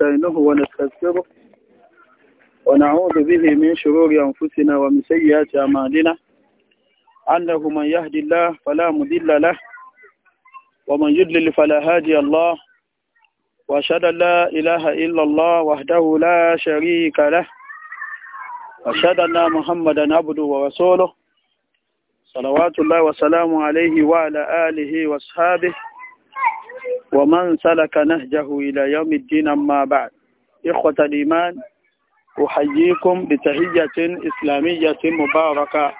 ونستعينه ونستغفره ونعوذ به من شرور أنفسنا ومن سيئات أعمالنا أنه من يهدي الله فلا مضل له ومن يضلل فلا هادي الله وأشهد أن لا إله إلا الله وحده لا شريك له وأشهد أن محمدا عبده ورسوله صلوات الله وسلامه عليه وعلى آله وأصحابه ومن سلك نهجه إلى يوم الدين أما بعد إخوة الإيمان أحييكم بتحية إسلامية مباركة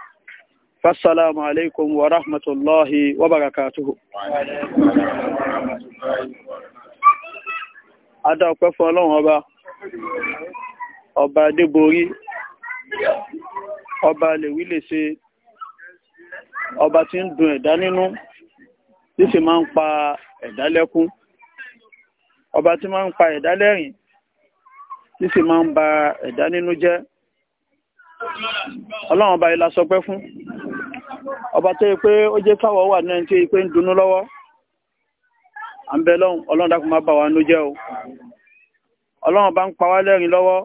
فالسلام عليكم ورحمة الله وبركاته Adá ọpẹ́ fún ọlọ́run ọba, ọba Adéborí, ọba lèwí lè ṣe, níṣe máa ń pa ẹ̀dá lẹ́kún ọba tí máa ń pa ẹ̀dá níṣe máa ń ba ẹ̀dá nínú jẹ́ ọlọ́run ọba ìlà sọpẹ́ fún ọba tó yẹ pé ó jẹ́ káwọ̀ wà náà tó yẹ pé ń dunú lọ́wọ́ à ń bẹ lọ́hùn ọlọ́run dákun má bà wá nínú jẹ́ o ọlọ́run bá ń pa wá lẹ́rìn lọ́wọ́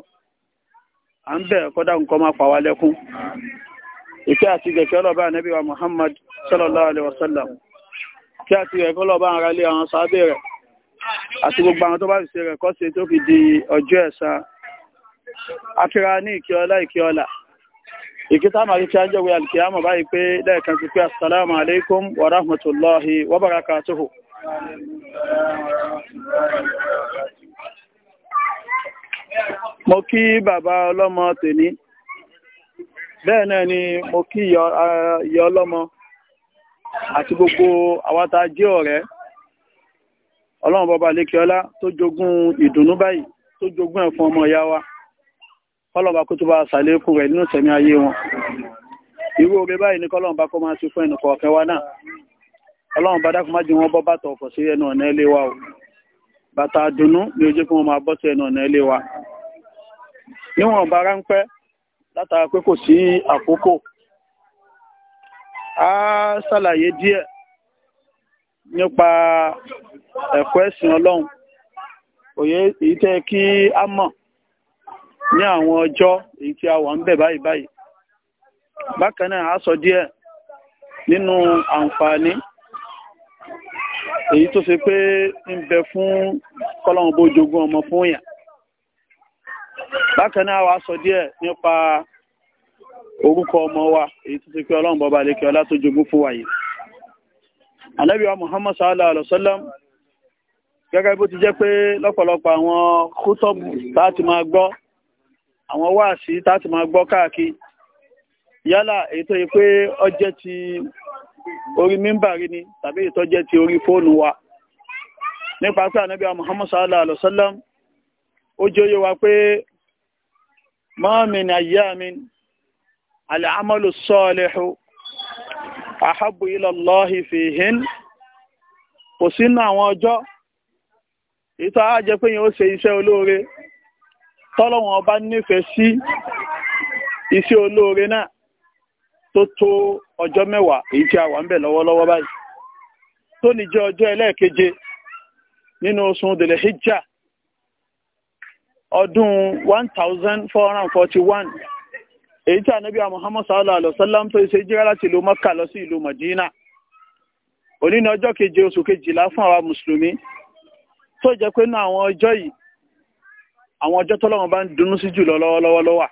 à ń bẹ̀ kọ́dà nǹkan máa pa wá lẹ́kún ìkẹ́ àti gẹ̀kẹ́ ọlọ́ba ànábì wa Muhammad sallallahu alaihi wasallam kí àti rẹ̀ kọ́ lọ́ọ́ bá ara lé àwọn sábẹ́ rẹ̀ àti gbogbo àwọn tó bá ṣe rẹ̀ kọ́sẹ̀ tó fi di ọjọ́ ẹ̀sà afira ní ìkí ọlá ìkí ọlá ìkí kí á jẹ́wé alkiyama báyìí pé lẹ́ẹ̀kan ti pé wa wa barakatuhu mo kí bàbá ọlọ́mọ bẹ́ẹ̀ náà ni mo kí àti gbogbo àwátá jẹ́ ọ̀rẹ́ ọlọ́run bọba lékeọlá tó jogún ìdùnnú báyìí tó jogún ẹ̀fún ọmọ ìyá wa kọlọ̀bà kó tó bá sàlékún rẹ̀ nínú sẹ̀mí ayé wọn irú oore báyìí ní kọlọ̀bà kó máa sí fún ẹnì kọ̀ọ̀kẹ́ wa náà ọlọ́run bá dákun má jẹ́ wọn bọ́ bàtà ọ̀fọ̀ sí ẹnu ọ̀nà ilé wa o bàtà àdùnnú ni ojú kí wọ́n máa bọ́ sí ẹnu ọ̀nà ilé wa níwọ̀n bá ráńpẹ́ látara pé kò sí àkókò á ṣàlàyé díẹ̀ nípa ẹ̀kọ́ ẹ̀sìn ọlọ́run òye èyí tẹ́ kí a mọ̀ ní àwọn ọjọ́ èyí tí a wà ń bẹ̀ báyìí báyìí bákan náà a sọ díẹ̀ nínú àǹfààní èyí tó ṣe pé ń bẹ fún kọ́lọ́run bó jogún ọmọ fún yàn bákan náà a wá sọ díẹ̀ nípa orúkọ ọmọ wa èyí tó ti pé ọlọ́run bọba lékè ọlá tó jogún fún wa yìí muhammad sallallahu alaihi sallam gẹ́gẹ́ bó ti jẹ́ pé lọ́pọ̀lọpọ̀ àwọn kútọ́bù láti máa gbọ́ àwọn wáàsí láti máa gbọ́ káàkiri yálà èyí tó yẹ pé ó jẹ́ ti orí pé ànábì wa muhammad sallallahu alaihi sallam ó jẹ́ òye wa pé mi العمل الصالح أحب إلى الله فيهن kò sínú àwọn ọjọ́ ìta ajẹ́ pé yẹn ó ṣe iṣẹ́ olóore ọba nífẹ̀ẹ́ sí iṣẹ́ olóore náà tó tó ọjọ́ mẹ́wàá èyí tí a wà ń bẹ̀ lọ́wọ́lọ́wọ́ báyìí tó ní 1441 èyí tí ànábì Muhammad sallallahu alaihi wasallam tó ṣe jíra láti ìlú Mọ́kà lọ sí ìlú Madina òní ọjọ́ keje oṣù kejìlá fún àwa mùsùlùmí tó jẹ́ pé ní àwọn ọjọ́ yìí àwọn ọjọ́ tọ́lọ́run bá ń dunnú sí jùlọ lọ́wọ́lọ́wọ́ wà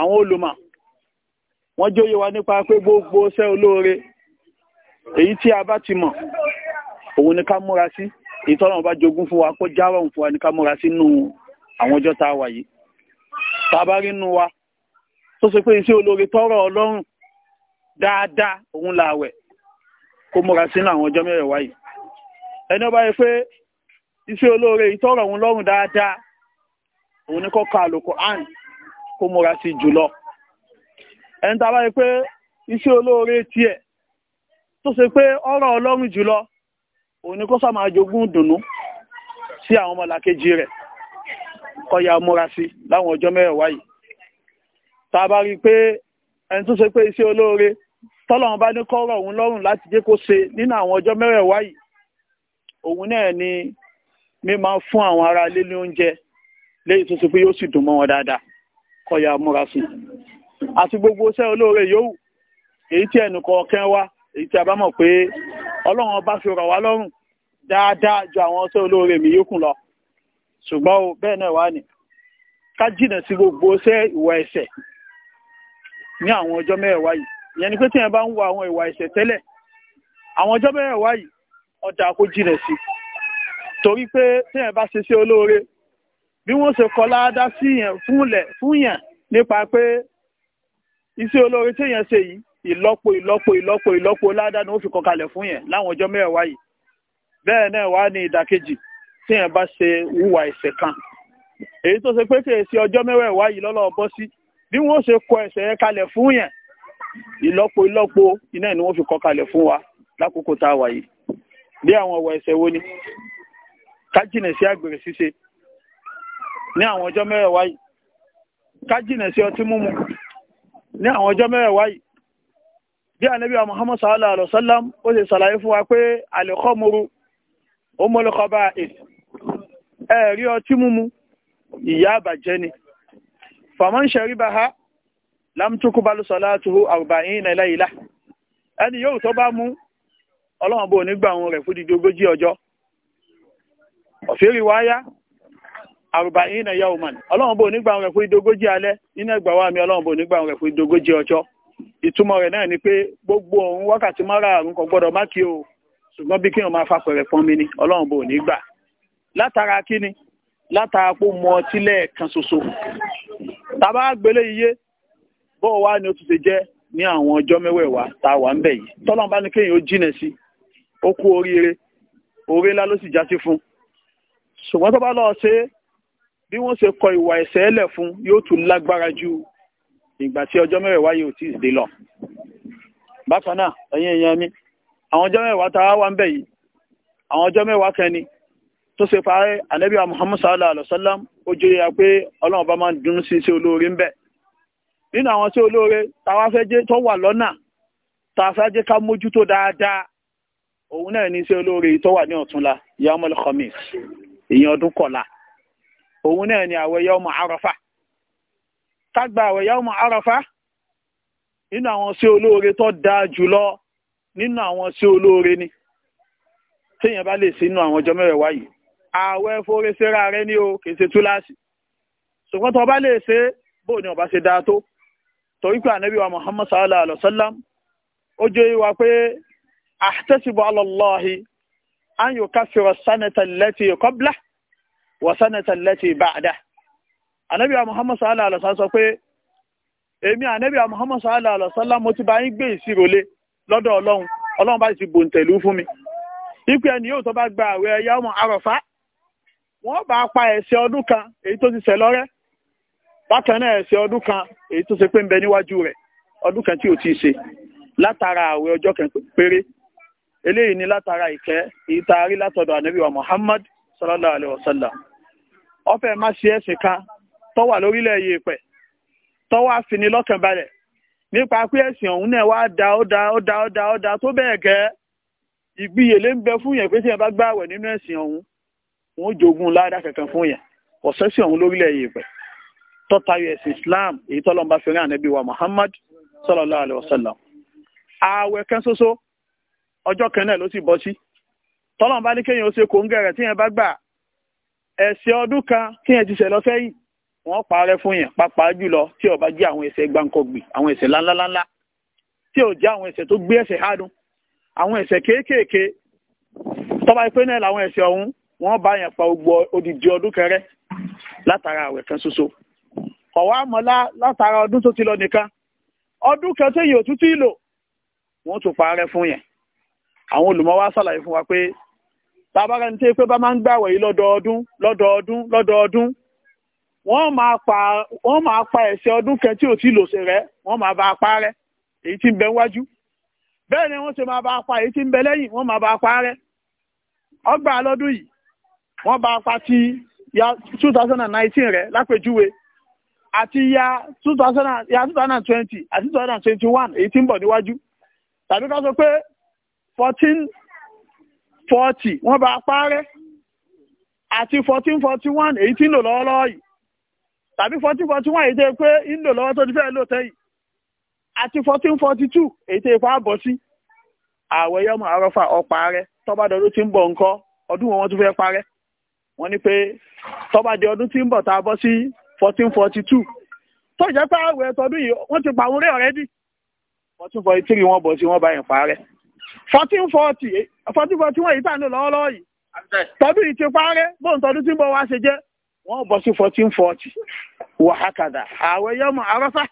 àwọn olùmọ̀ wọ́n jóye wa nípa pé gbogbo ṣẹ́ olóore èyí tí a bá ti mọ̀ òun ni ká múra sí èyí tọ́lọ́run bá jogún fún wa kó jáwọ́ fún wa ni ká múra sínú àwọn ọjọ́ tá a wà yìí tàbárí nù wa tó ṣe pé iṣẹ́ olóore tọrọ ọlọ́run dáadáa òun làwẹ̀ kó múra sínú àwọn ọjọ́ mẹ́rẹ̀ẹ̀wá yìí ẹni ọba yìí pé iṣẹ́ olóore ìtọrọ òun lọ́rùn dáadáa òun ní kó ka Al-Qur'an kó múra sí jùlọ ẹni tàbá yìí pé iṣẹ́ olóore tiẹ̀ tó ṣe pé ọ̀rọ̀ ọlọ́run jùlọ òun ní kó sá máa jogún dùnnú sí àwọn ọmọlàkejì rẹ̀ kọ́ya múra sí láwọn ọjọ́ mẹ́wàá yìí tá a bá rí i pé ẹni tó ṣe pé iṣẹ́ olóore tọ́lọ́run bá ní kọ́rọ̀ òun lọ́rùn láti jẹ́ kó ṣe nínú àwọn ọjọ́ mẹ́wàá yìí òun náà ni mi máa fún àwọn ará ilé ní oúnjẹ léyìí tó ṣe pé yóò sì dùn mọ́ wọn dáadáa kọ́ya múra sí àti gbogbo iṣẹ́ olóore yòówù èyí tí ẹnì kọ̀ọ̀kan wá èyí tí a bá mọ̀ pé ọlọ́run ọba fi rọ̀ wá lọ́rùn dáadáa ju àwọn iṣẹ́ olóore mi yókù lọ ṣùgbọ́n o bẹ́ẹ̀ náà wá ní ká jìnà sí gbogbo ṣẹ́ ìwà ẹ̀ṣẹ̀ ní àwọn ọjọ́ mẹ́wàá yìí ìyẹn ni pé tí yẹn bá ń wo àwọn ìwà ẹ̀ṣẹ̀ tẹ́lẹ̀ àwọn ọjọ́ mẹ́wàá yìí ọ̀dà kó jìnà sí torí pé tí yẹn bá ṣe sí olóore bí wọ́n ṣe kọ́ láádá sí yẹn fúnlẹ̀ fún yẹn nípa pé iṣẹ́ olóore tí yẹn ṣe yìí ìlọ́po ìlọ́po ìlọ́po ìlọ́po láádá ni wọ́n fi kọ́ kalẹ̀ fún yẹn láwọn ọjọ́ mẹ́wàá yìí bẹ́ẹ̀ náà wá ní ìdàkejì tí yẹn bá ṣe wúwa ẹ̀ṣẹ̀ kan èyí tó ṣe pé kì í ṣe ọjọ́ mẹ́wẹ̀ẹ̀wá yìí lọ́lọ́ bọ́ sí bí wọ́n ṣe kọ ẹ̀ṣẹ̀ yẹn kalẹ̀ fún yẹn ìlọ́po ìlọ́po iná ni wọ́n fi kọ kalẹ̀ fún wa lákòókò tá a wà yìí bí àwọn ọ̀wọ̀ ẹ̀ṣẹ̀ wo ni ká jìnà sí àgbèrè ṣíṣe ní àwọn ọjọ́ mẹ́wẹ̀ẹ̀wá yìí ká jìnà sí ọtí mímu ní àwọn ọjọ́ mẹ́wẹ̀ẹ̀wá yìí bí ànábì wa muhammad sallallahu alaihi wa sallam ó ṣe ṣàlàyé fún wa pé al-khamru ummul khaba'ith ẹ̀rí ọtí múmu ìyá àbàjẹ́ ni fàmọ́n ṣẹ̀rí bá ha lámtúkúbalú sọláàtúhú àrùbáyín nàìláìlá ẹni yóò tó bá mú ọlọ́wọ́n bó nígbà òun rẹ̀ fún dídí ogójì ọjọ́ òfìrí wáyá àrùbáyín nàìyá òmàn ọlọ́wọ́n bó nígbà òun rẹ̀ fún dídí ogójì alẹ́ nínú ẹgbà wá mi ọlọ́wọ́n bó nígbà òun rẹ̀ fún dídí ogójì ọjọ́ ìtumọ̀ rẹ̀ náà ni pé gbogbo òun wákàtí márààrún kò gbọ́dọ̀ má kí o ṣùgbọ́n bí kí òun máa fa pẹ̀rẹ̀ pọ́n mi ni ọlọ́wọ́n bó nígbà látara kíni látara pò mu ọtí lẹ́ẹ̀kan ṣoṣo tàbá gbélé iye bó wá ni ó ti ṣe jẹ́ ní àwọn ọjọ́ mẹ́wẹ̀ẹ̀wá tá a wà ń bẹ̀ yìí tọ́lọ́n bá ní kéèyàn ó jìnà sí ó kú oríire oore ńlá ló sì já sí fún ṣùgbọ́n tó bá lọ́ọ́ ṣe bí wọ́n ṣe kọ ìwà ẹ̀ṣẹ̀ ẹlẹ̀ fún yóò tún lágbára ju ìgbà tí ọjọ́ mẹ́wẹ̀ẹ̀wá yóò tí dé lọ bákan náà ẹ̀yin èèyàn mi àwọn ọjọ́ mẹ́wàá tá a wà ń bẹ̀ yìí àwọn ọjọ́ mẹ́wàá kan tó ṣe parẹ́ ànábì muhammad sallallahu alaihi wa sallam ó jẹ́ ya pé ọlọ́run bá máa ń dùn sí iṣẹ́ olóore ń bẹ̀ nínú àwọn iṣẹ́ olóore táwa fẹ́ jẹ́ tó wà lọ́nà táwa fẹ́ jẹ́ ká mójútó dáadáa òun náà ní iṣẹ́ olóore tó wà ní ọ̀túnla yamul khamis ìyẹn ọdún kọ̀la òun náà ni àwẹ̀ yawmu arafa ká gba àwẹ̀ yawmu arafa nínú àwọn iṣẹ́ olóore tó dáa jùlọ nínú àwọn iṣẹ́ olóore ni téèyàn bá lè sí nínú àwọn ọjọ́ mẹ́rẹ̀ẹ̀wá yìí awo forí síra rẹ ní o kì í ṣe túláàsì ṣùgbọ́n tó bá lè ṣe bó ni ọba ṣe dáa tó torí pé ànábì wa muhammad sallallahu alaihi wa sallam ó jẹ́ ìwà pé an sanata wa sanata allati ba'dah ànábì wa muhammad sallallahu ala wa sallam sọ pé èmi ànábì wa muhammad sallallahu wa sallam mo ti bá yín gbé ìṣirò lé lọ́dọ̀ ọlọ́run ọlọ́run bá ti fún mi ipe ẹni yóò tó wọ́n bá pa esi ọdún kan èyí tó ti sẹ̀ lọ́rẹ́ bákan náà ọdún kan èyí tó ṣe pé ń bẹ níwájú rẹ̀ ọdún kan tí ò ti ṣe látara àwẹ̀ ọjọ́ kan péré eléyìí ni látara ìkẹ́ èyí tá a rí látọ̀dọ̀ Muhammad sallallahu alayhi wa sallam ọfẹ́ má ṣe ẹ̀sìn kan tọ́wà lórílẹ̀ yèèpẹ̀ tọ́wà fini lọ́kànbalẹ̀ nípa pé ẹ̀sìn ọ̀hún náà wá da ó da ó da ó da ó da tó bẹ́ẹ̀ gẹ́ ìgbìyèlé ń bẹ fún yẹn pé tí yẹn bá gbààwẹ̀ wọn jogun ládà kankan fún yẹn ọ̀sẹ̀ sí ọ̀hún lórílẹ̀ yìí pẹ̀ tọ́tayọ ẹ̀sìn Islam èyí tọ́lọ́n bá fẹ́ràn ànábì wa Muhammad sallallahu alaihi wasallam ààwẹ̀ kan ṣoṣo ọjọ́ kan náà ló sì bọ́ sí tọ́lọ́n bá ní kéèyàn ó ṣe kóńgẹ́ rẹ̀ tíyẹn bá gbà ẹ̀ṣẹ̀ ọdún kan tíyẹn ti ṣẹ̀ lọ sẹ́yìn wọ́n parẹ́ fún yẹn pàápàá jùlọ tí ó bá jẹ́ àwọn ẹ̀ṣẹ̀ gbáǹkọ̀gbì àwọn ẹ̀ṣẹ̀ ńláńláńlá tí ò jẹ́ àwọn ẹ̀ṣẹ̀ tó gbé ẹ̀ṣẹ̀ hádùn àwọn ẹ̀ṣẹ̀ kéékèèké tọ́ba ìpínlẹ̀ làwọn ẹ̀ṣẹ̀ ọ̀hún wọ́n bá yẹn pa gbogbo odidi ọdún kẹrẹ látara àwẹ̀ kan ṣoṣo ọ̀wá àmọ́lá látara ọdún tó ti lọ nìkan ọdún kan tẹ́yìn òtútù ìlò wọ́n tún parẹ́ fún yẹn àwọn olùmọ̀ wa ṣàlàyé fún wa pé bàbára ní pé bá máa ń gbàwẹ̀ yìí lọ́dọọdún lọ́dọọdún lọ́dọọdún wọ́n máa pa ẹ̀ṣẹ̀ ọdún kan tí ò tí lòsè rẹ̀ wọ́n máa bá a parẹ́ èyí tí ń bẹ wájú bẹ́ẹ̀ ni wọ́n ṣe máa bá a pa èyí tí ń bẹ lẹ́yìn wọ́n máa bá a parẹ́ ọgbà lọ́dún yìí wọ́n bá pati ya 2019 rẹ̀ lápèjúwe àti ya 2020 àti 2021 èyí ti ń bọ̀ níwájú tàbí ká sọ pé 1440 wọ́n bá parẹ́ àti 1441 èyí ti ń lò lọ́wọ́lọ́wọ́ yìí tàbí 1441 èyí tó pé ń lò lọ́wọ́ tó ti fẹ́ lò tẹ́yìí àti 1442 èyí tó yẹ pé àbọ̀ sí àwẹ̀ yọmọ àrọ́fà ọ̀pá rẹ tọ́bádọ́dún tí ń bọ̀ nǹkan ọdún wọn tún fẹ́ parẹ́ wọ́n ní pé tó bá di ọdún tí ń bọ̀ tá a bọ́ sí fourteen forty two tó jẹ́ pé àwẹ̀ tọdún yìí wọ́n ti pa àwọn rẹ̀ ọ̀rẹ́dì fourteen forty three wọ́n bọ̀ sí wọ́n bá yẹn pa rẹ̀ fourteen forty fourteen forty one yìí tà ní lọ́wọ́lọ́wọ́ yìí tọdún yìí ti parẹ́ bóun tọdún tí ń bọ̀ wá ṣe jẹ́ wọ́n bọ̀ sí fourteen forty wàhákàdà àwẹ̀ yọmọ arọ́sà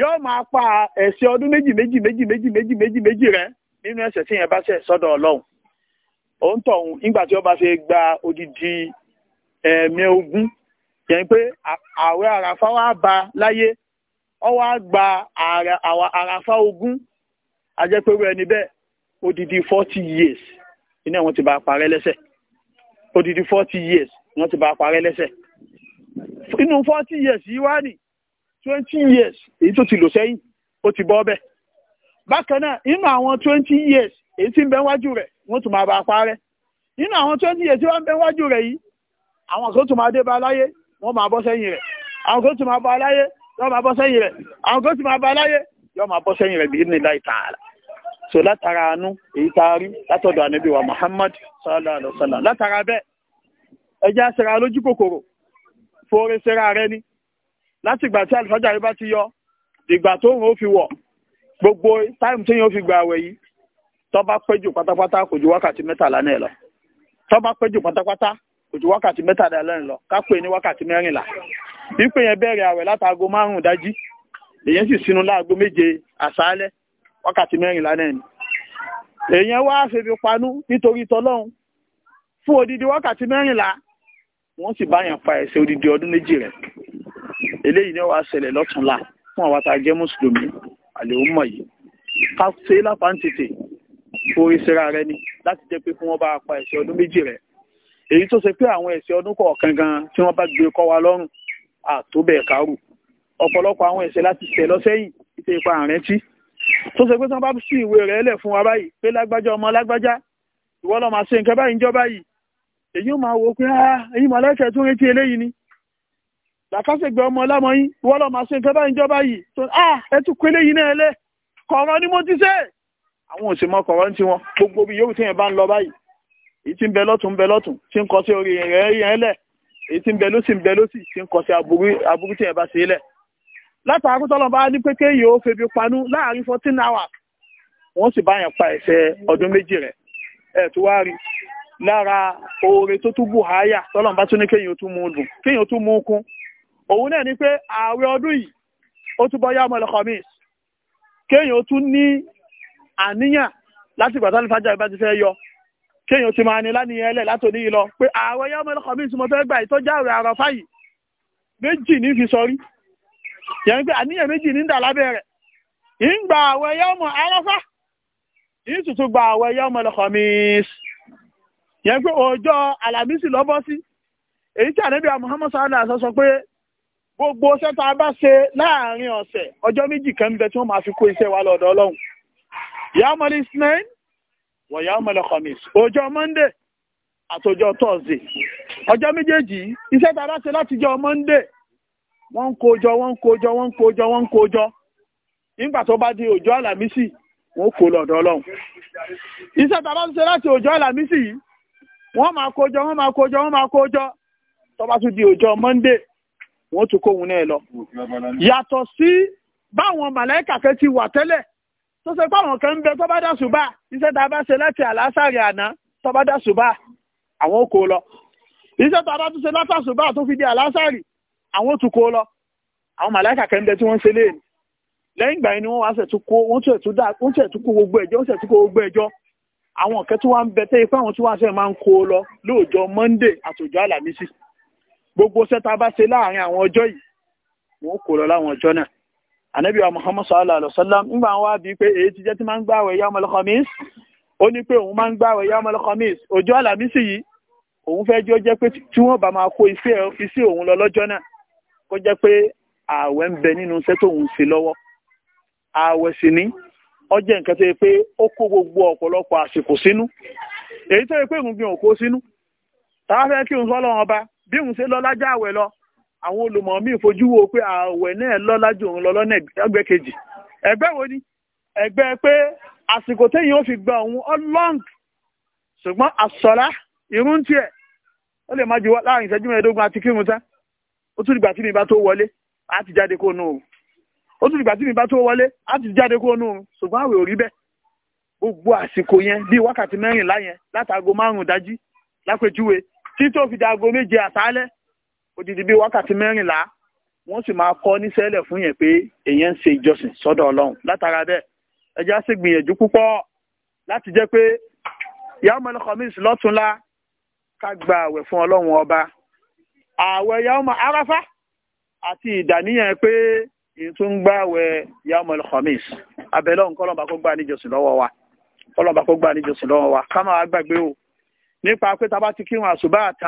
yóò máa pa ẹ̀ṣẹ̀ ọdún méjì méjì méjì méjì méjì méjì méjì rẹ̀ nínú ẹ̀ṣẹ̀ tí yẹn bá ṣẹ̀ sọ́dọ̀ ọlọ́run òun tọ̀hún nígbà tí ó bá ṣe gba odidi ẹ̀ẹ̀mẹ ogún yẹn pé àwẹ̀ àràfá wá ba láyé ọ wá gba àràfá ogún ajẹ́pẹ̀rú ẹni bẹ́ẹ̀ odidi forty years iná wọn ti bá parẹ́ lẹ́sẹ̀ odidi forty years wọn ti bá parẹ́ lẹ́sẹ̀ inú forty years yìí wá ní twenty years èyí tó ti lò sẹ́yìn ó ti bọ́ bẹ́ẹ̀ bákan náà inú àwọn twenty years èyí tí ń bẹ wájú rẹ̀ wọ́n tún máa bá parẹ́ nínú àwọn tó ní iye wọ́n ń wájú rẹ̀ yìí àwọn kan tún máa dé bá láyé wọ́n máa bọ́ sẹ́yìn rẹ̀ àwọn kan tún máa bá láyé yọ́ máa bọ́ sẹ́yìn rẹ̀ àwọn kan tún máa bá láyé yọ́ máa bọ́ sẹ́yìn rẹ̀ bí ní láì tààlà so látara àánú èyí tá a rí látọ̀dọ̀ ànábì wa Muhammad sallallahu alaihi wasallam látara bẹ́ẹ̀ ẹjẹ́ àṣẹra lójú kòkòrò fòore ṣera rẹ ni láti ìgbà tí àlùfájà rí bá ti yọ ìgbà tó ń fi wọ̀ gbogbo táìmù tó yẹn tó bá pẹ́ jù pátápátá kò ju wákàtí mẹ́tàlá náà lọ tó bá pẹ́ jù pátápátá kò ju wákàtí mẹ́tàlá náà lọ ká pè ní wákàtí mẹ́rìnlá pípé yẹn bẹ̀rẹ̀ àwẹ̀ látago márùn-ún dájí èyàn sì sinú láago méje àṣálẹ́ wákàtí mẹ́rìnlá náà ni èyàn wá febi panú nítorí tọlọ́run fún odidi wákàtí mẹ́rìnlá wọ́n sì bá yàn pa ẹ̀ṣẹ̀ odidi ọdún méjì rẹ̀ eléyìí ni wàá ṣẹlẹ̀ lọ́túnla fún àwọn tá mùsùlùmí àlè forí síra rẹ ni láti jẹ́ pé kí wọ́n bá pa ẹ̀ṣẹ̀ ọdún méjì rẹ̀ èyí tó ṣe pé àwọn ẹ̀ṣẹ̀ ọdún kọ̀ọ̀kan gan tí wọ́n bá gbé kọ́ wa lọ́rùn àtòbẹ̀ kárù ọ̀pọ̀lọpọ̀ àwọn ẹ̀ṣẹ̀ láti tẹ̀ lọ́sẹ́yìn ìṣe ipa àrẹ́ntí tó ṣe pé tí wọ́n bá sí ìwé rẹ̀ lẹ̀ fún wa báyìí pé lágbájá ọmọ lágbájá ìwọ lọ máa ṣe nǹkan báyìí ń jọ báyìí èyí ó máa wò pé èyí mọ̀ lẹ́kẹ̀ẹ́ tó retí eléyìí ni làkàṣègbè ọmọ ọlámọyín ìwọ lọ máa ṣe nǹkan báyìí ń jọ báyìí tó ẹ tún pé eléyìí náà lẹ kọ̀ọ̀rọ̀ ni mo ti ṣe àwọn òsèmọ́ kọ̀rọ̀ ń tiwọn gbogbo bí yóò tíyẹn bá ń lọ báyìí èyí tí ń bẹ lọ́tún ń bẹ lọ́tún tí ń kọ sí orí rẹ̀ yẹn lẹ̀ èyí tí ń bẹ lọ́sì ń bẹ lọ́sì tí ń kọ sí aburú tíyẹn bá sí lẹ̀. látàrí tọ́lọ̀ bá ní pé kéèyàn ó febi panú láàrin fourteen hours wọ́n sì bá yẹn pa ẹ̀ṣẹ̀ ọdún méjì rẹ̀ ẹ̀ tó wá rí lára oore tó tún bù háyà tọ́lọ̀ bá tún ní kéèyàn tún mú dùn kéèyàn tún mú kún òun náà ní pé ààwẹ̀ ọdún yìí ó túbọ̀ yá ọmọ ẹlẹ́kọ̀ọ́ mi kéèyàn tún ní àníyàn láti ìgbà tálí fájà ìbá ti fẹ́ yọ kéèyàn ti máa ní lánìyàn ẹlẹ̀ látòní yìí lọ pé ààwẹ̀ yọmọ ẹlẹ́kọ̀ọ́ mi tí mo fẹ́ gbà yìí tó jáwèé àrọ̀ fáyì méjì ní fi sọrí yẹn pé àníyàn méjì ní ń dà lábẹ́ rẹ̀ ìgbà ààwẹ̀ yọmọ arọ́fá ìtùtù gba ààwẹ̀ yọmọ ẹlẹ́kọ̀ọ́ mi yẹn pé ọjọ́ àlàmísì lọ́bọ́ sí èyí tí ànábì Muhammad sallallahu alaihi wasallam sọ pé gbogbo iṣẹ́ a bá ṣe láàrin ọ̀sẹ̀ ọjọ́ méjì kan bẹ tí wọ́n máa fi kó iṣẹ́ wa lọ́dọ̀ Ọlọ́run yàmàlì ismail wọ yàmàlì khamis ọjọ́ monday àtọjọ́ thursday ọjọ́ méjèèjì iṣẹ́ tá ṣe láti jọ monday wọ́n ń kójọ wọ́n ń kójọ wọ́n ń kójọ wọ́n ń kójọ nígbà tó bá di ọjọ́ àlàmísì wọ́n kó lọ́dọ̀ ọlọ́run iṣẹ́ tá a bá ṣe láti ọjọ́ àlàmísì yìí wọ́n máa kójọ wọ́n máa kójọ wọ́n máa kójọ tó bá tún di ọjọ́ monday wọ́n tún kóhun náà lọ yàtọ̀ sí báwọn màlàíkà kẹ́ ti wà tẹ́lẹ̀ tó ṣe fáwọn kan bẹ tó bá dà ṣùbà iṣẹ́ tá a bá ṣe láti àlásàrì àná tó bá dà ṣùbà àwọn ò kó lọ iṣẹ́ tá a bá tún ṣe látà ṣùbà tó fi di àlásàrì àwọn ò tún kó lọ àwọn màláìkà kan bẹ tí wọ́n ṣe léèní lẹ́yìn ìgbà yẹn ni wọ́n wá ṣẹ̀ tún kó wọ́n ṣẹ̀ tún dá wọ́n ṣẹ̀ tún kó gbogbo ẹ̀jọ́ wọ́n ṣẹ̀ tún kó gbogbo ẹ̀jọ́ àwọn ọ̀kẹ́ tí wọ́n ń bẹ tẹ́yẹ pé tí wọ́n ṣe máa ń kó lọ lóòjọ́ Monday àtòjọ́ àlàmísì gbogbo ṣẹ́ta bá ṣe láàárín àwọn ọjọ́ yìí wọ́n kó lọ láwọn ọjọ́ náà ànábì wa muhammad sallallahu alaihi wa sallam ńgbà wá bíi pé èyí ti jẹ́ tí máa ń gbààwẹ̀ yawmal khamis ó ní pé òun máa ń gbààwẹ̀ yawmal khamis ọjọ́ àlàmísì yìí òun fẹ́ jọ jẹ́ pé tí wọ́n bá máa kó iṣẹ́ òun lọ lọ́jọ́ náà kó jẹ́ pé ààwẹ̀ ń bẹ nínú iṣẹ́ tóun ṣe lọ́wọ́ ààwẹ̀ sì ní ó jẹ́ nǹkan tó yẹ pé ó kó gbogbo ọ̀pọ̀lọpọ̀ àsìkò sínú èyí tó àwọn olùmọ̀ míì fojú wo pé ààwẹ̀ náà lọ́lá ju òun lọ lọ́nà ẹgbẹ́ kejì ẹgbẹ́ wo ni ẹgbẹ́ pé àsìkò téyìn ó fi gba òun ọlọ́ng ṣùgbọ́n àsọ̀lá irun tiẹ̀ ó lè má ju láàrin ìṣẹ́jú mẹ́ẹ̀ẹ́dógún àti kírun tán ó tún dìgbà tí mi bá tó wọlé á ti jáde kó nù òun ó tún dìgbà tí mi bá tó wọlé á ti jáde kó nù òun ṣùgbọ́n àwẹ̀ ò rí bẹ́ẹ̀ gbogbo àsìkò yẹn bíi wákàtí mẹ́rìnlá yẹn látago márùn-ún dájí lápèjúwe odidi bíi wákàtí mẹ́rìnlá wọ́n sì máa kọ́ níṣẹ́lẹ̀ fún yẹn pé èèyàn ń ṣe ìjọsìn sọ́dọ̀ ọlọ́run látara bẹ́ẹ̀ ẹja sì gbìyànjú púpọ̀ láti jẹ́ pé yaumul khamis lọ́túnla ká gba àwẹ̀ fún ọlọ́run ọba àwẹ̀ yaumul arafa àti ìdàníyàn pé ìtún gbá àwẹ̀ yaumul khamis abẹ́lẹ́ òun kọ́lọ́mbà kó gbà níjọsìn lọ́wọ́ wa kọ́lọ́mbà kó gbà níjọsìn lọ́wọ́ wa ká máa gbàgbé o nípa pé tá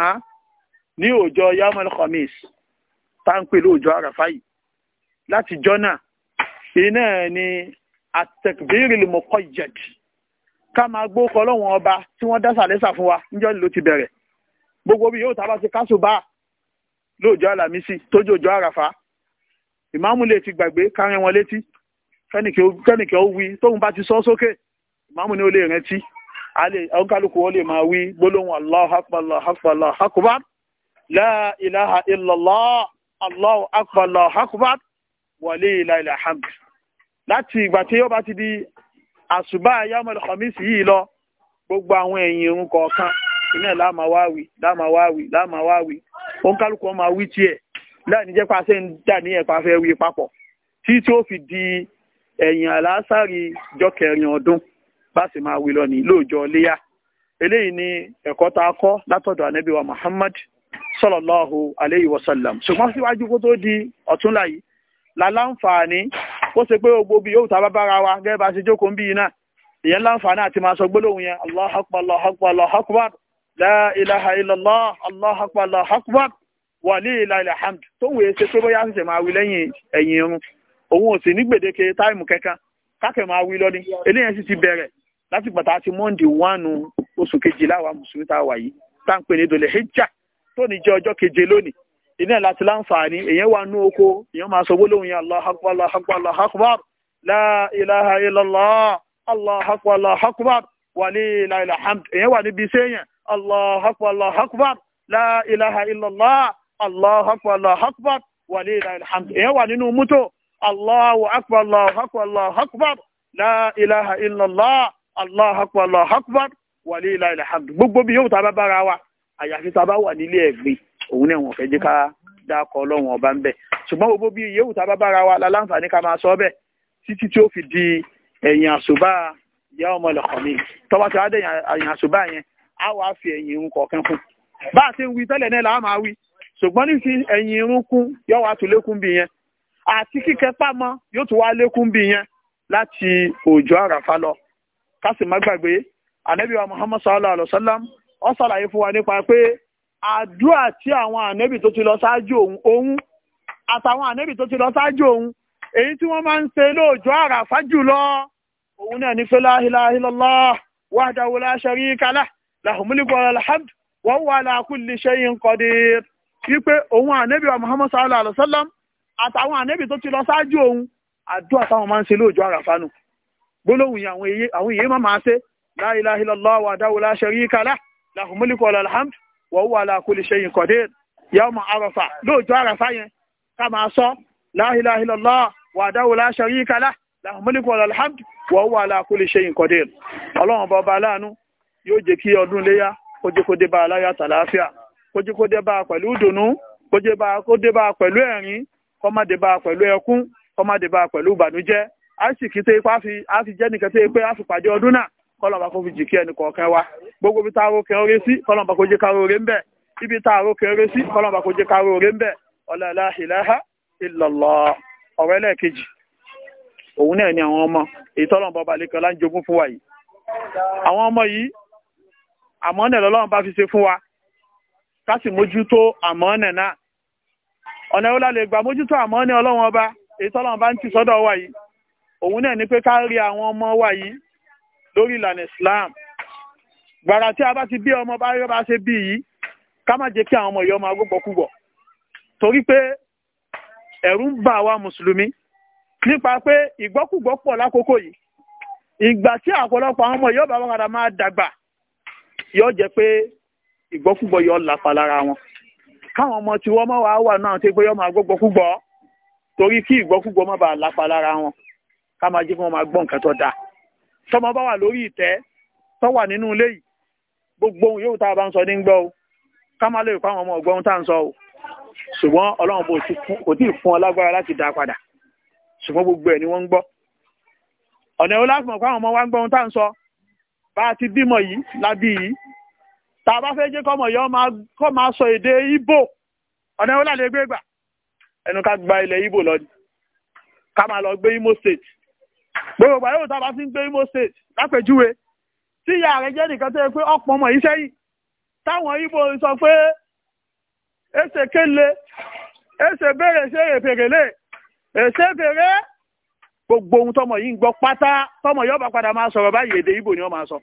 a ní ọjọ́ yamal khamis tá ń pè lóòjọ́ àràfá yìí láti jọ́nà iná ni at mọkọ muqayyad ká máa gbó kọlọ́wọ́n ọba tí wọn dásà fún wa ti bẹrẹ gbogbo bí yóò tábà ti kásù bá lóòjọ́ alamisi tójú ọjọ́ àràfá ìmáàmù lè ti gbàgbé kárẹ́ wọn létí kẹ́nìkẹ́ ó wí tóun bá ti sọ sókè ìmáàmù ni ó lè rántí la ilaha illallah allahu akbar allahu akbar wa la ilaha illa hamd láti ìgbà tí ó bá ti di àṣùbà yamal khamis yìí lọ gbogbo àwọn ẹ̀yìn irun kọ̀ọ̀kan iná láàmà wáwì láàmà wáwì láàmà wáwì ó ń kálukú ọmọ wí tiẹ̀ láì ní jẹ́ pàṣẹ ń dà ní ẹ̀pà fẹ́ wí papọ̀ tí tí ó fi di ẹ̀yìn àlásàrì jọ kẹrin ọdún bá sì máa wí lọ ní lóòjọ́ léyà eléyìí ni ẹ̀kọ́ tá a kọ́ látọ̀dọ̀ ànábì Muhammad sọlọ́lọ́hu aleyhi wasallam ṣùgbọ́n síwájú kó tó di ọ̀túnla yìí láláǹfààní ó ṣe pé gbogbo bí yóò tábà bára wa gẹ́gẹ́ bá ṣe jókòó ń bí iná ìyẹn láǹfààní àti máa sọ gbólóhùn yẹn Allahu akbar Allahu akbar Allahu akbar la ilaha illallah Allahu akbar Allahu akbar wa lillahi alhamd tó wèé ṣe pé bóyá ṣẹ̀ṣẹ̀ máa wí lẹ́yìn ẹ̀yìn irun òun ò sì ní tó ní jẹ́ ọjọ́ keje lónìí iná láti láǹfààní èyàn wà nú oko èyàn máa sọ gbólóhùn yẹn Allahu akbar Allahu akbar Allahu akbar la ilaha illallah Allahu akbar Allahu akbar wa lillahi alhamd èyàn wà níbi iṣẹ́ yẹn Allahu akbar Allahu akbar la ilaha illallah Allahu akbar Allahu akbar wa lillahi alhamd èyàn wà nínú mútò Allahu akbar Allahu akbar Allahu akbar la ilaha illallah Allahu akbar gbogbo bí yóò tá bá bára wa àyàfi tá a bá wà nílé ẹ̀gbin òun náà wọ́n fẹ́ jẹ́ ká dákọ̀ ọlọ́run ọba ń bẹ̀ ṣùgbọ́n gbogbo bí yéwù tá a bá bára wa la láǹfààní ká máa sọ ọ́ bẹ́ẹ̀ títí tí ó fi di ẹ̀yìn àṣùbà ìyá ọmọ ẹlẹ́kọ̀ọ́ mi tọ́wọ́ ti adé ẹ̀yìn àṣùbà yẹn á wàá fi ẹ̀yìn irun kọ̀ọ̀kan kún bá a ṣe ń wí tẹ́lẹ̀ náà làá máa wí ṣùgbọ́n ní fi ẹ̀yìn irun kún yóò wá tún lékún bí yẹn àti kíkẹ́ pamọ́ yóò tún wá lékún bí yẹn láti ọjọ́ àràfà lọ ká gbàgbé ànábì wa sallallahu alayhi wa sallam ó ṣàlàyé fún wa nípa pé àdúrà tí àwọn ànẹ́bì tó ti lọ ṣáájú òun òun àtàwọn ànẹ́bì tó ti lọ ṣáájú òun èyí tí wọ́n máa ń ṣe lóòjọ́ àràfá jùlọ òun náà ní la ilaha illallah wahdahu la sharika lah lahul mulku wa lahul hamd wa huwa ala kulli shay'in qadir wípé òun ànẹ́bì wa Muhammad sallallahu alaihi wasallam àtàwọn ànẹ́bì tó ti lọ ṣáájú òun àdúrà táwọn máa ń ṣe lóòjọ́ àràfá nù gbólóhùn yìí àwọn èyí máa máa ṣe la ilaha illallah wahdahu la sharika lahu mulku wal hamd wa huwa ala kulli shay'in qadir yawma arafa lóòjọ́ arafa yẹn ká máa sọ la ilaha illallah wahdahu la sharika lah lahu mulku wal hamd wa huwa ala kulli shay'in qadir ọlọ́run bọba aláàánú yóò jẹ́ kí ọdún léyá kó jẹ́ kó dé bá aláyà tàlàáfíà kó jẹ́ kó dé bá pẹ̀lú ìdùnnú kó jẹ́ kó dé bá pẹ̀lú ẹ̀rín kó má dé bá pẹ̀lú ẹkún kó má dé bá pẹ̀lú ìbànújẹ́ àìsìkí tó kọ́lọ́mbà kó fi jì kí ẹnì kọ̀ọ̀kan wa gbogbo ibi tá a rókè ọrẹ sí kọ́lọ́mbà kó jẹ́ ká róore ń bẹ̀ ibi tá a rókè ọrẹ sí kọ́lọ́mbà kó jẹ́ ká róore ń bẹ̀ ọ̀làlá ìlàhà ìlọ̀lọ̀ ọ̀rọ̀ ẹlẹ́ẹ̀kejì òun náà ni àwọn ọmọ èyí tọ́lọ́mbà ọba lẹ́kọ̀ọ́ lá ń jogún fún wa yìí àwọn ọmọ yìí àmọ́nẹ̀ lọ́lọ́run bá fi ṣe fún wa ká sì mójútó àmọ́nẹ̀ náà ọ̀nà ìwọ́lá lè gbà mójútó àmọ́nẹ̀ ọlọ́run ọba èyí tọ́lọ́run bá ń ti sọ́dọ̀ wa yìí òun náà ni pé ká rí àwọn ọmọ wa yìí lórí ìlànà Islam gbàrà tí a bá ti bí ọmọ bá yọ bá ṣe bí yìí ká má jẹ́ kí àwọn ọmọ ìyá ọmọ agbópọ̀kúbọ̀ torí pé ẹ̀rù ń bà wá mùsùlùmí nípa pé ìgbọ́kùgbọ́ pọ̀ lákòókò yìí ìgbà tí àpọ̀lọpọ̀ àwọn ọmọ ìyá ọba wàkàdà máa dàgbà yóò jẹ́ pé ìgbọ́kùgbọ́ yóò lápa lára wọn káwọn ọmọ tí wọ́n máa wà náà tí pé yóò máa torí kí ìgbọ́kùgbọ́ má bàa lápa lára wọn ká máa jẹ́ kí wọ́n máa gbọ́ nǹkan tó dáa tọmọ bá wà lórí ìtẹ́ tó wà nínú ilé yìí gbogbo ohun yóò tá a bá ń sọ ní gbọ́ o ká má lè fáwọn ọmọ ọgbọ́n tá à ń sọ o ṣùgbọ́n ọlọ́run kò tí ì fún ọ lágbára láti dá padà ṣùgbọ́n gbogbo ẹ̀ ni wọ́n ń gbọ́ ọ̀nà ìwọ láti mọ̀ fáwọn ọmọ wa ń gbọ́ ohun tá à ń sọ bá a ti bímọ yìí lábí yìí tá a bá fẹ́ jẹ́ kọ́mọ yìí kọ́ máa sọ èdè Ìgbò ọ̀nà ìwọ láti gbé gbà ẹnu ká gba ilẹ̀ Ìgbò lọ ká máa lọ gbé Imo State gbogbo ìgbà yóò tábà sí ń gbé Imo State lápèjúwe tí ìyá rẹ̀ jẹ́ nìkan tó yẹ pé ọ̀pọ̀ ọmọ yìí sẹ́yìn táwọn Ìgbò sọ pé èsè kéle èsè bèrè ṣe èfèrè lè èsè bèrè gbogbo ohun tọmọ yìí ń gbọ́ pátá tọmọ yóò bá padà máa sọ̀rọ̀ báyìí èdè Ìgbò ni wọ́n máa sọ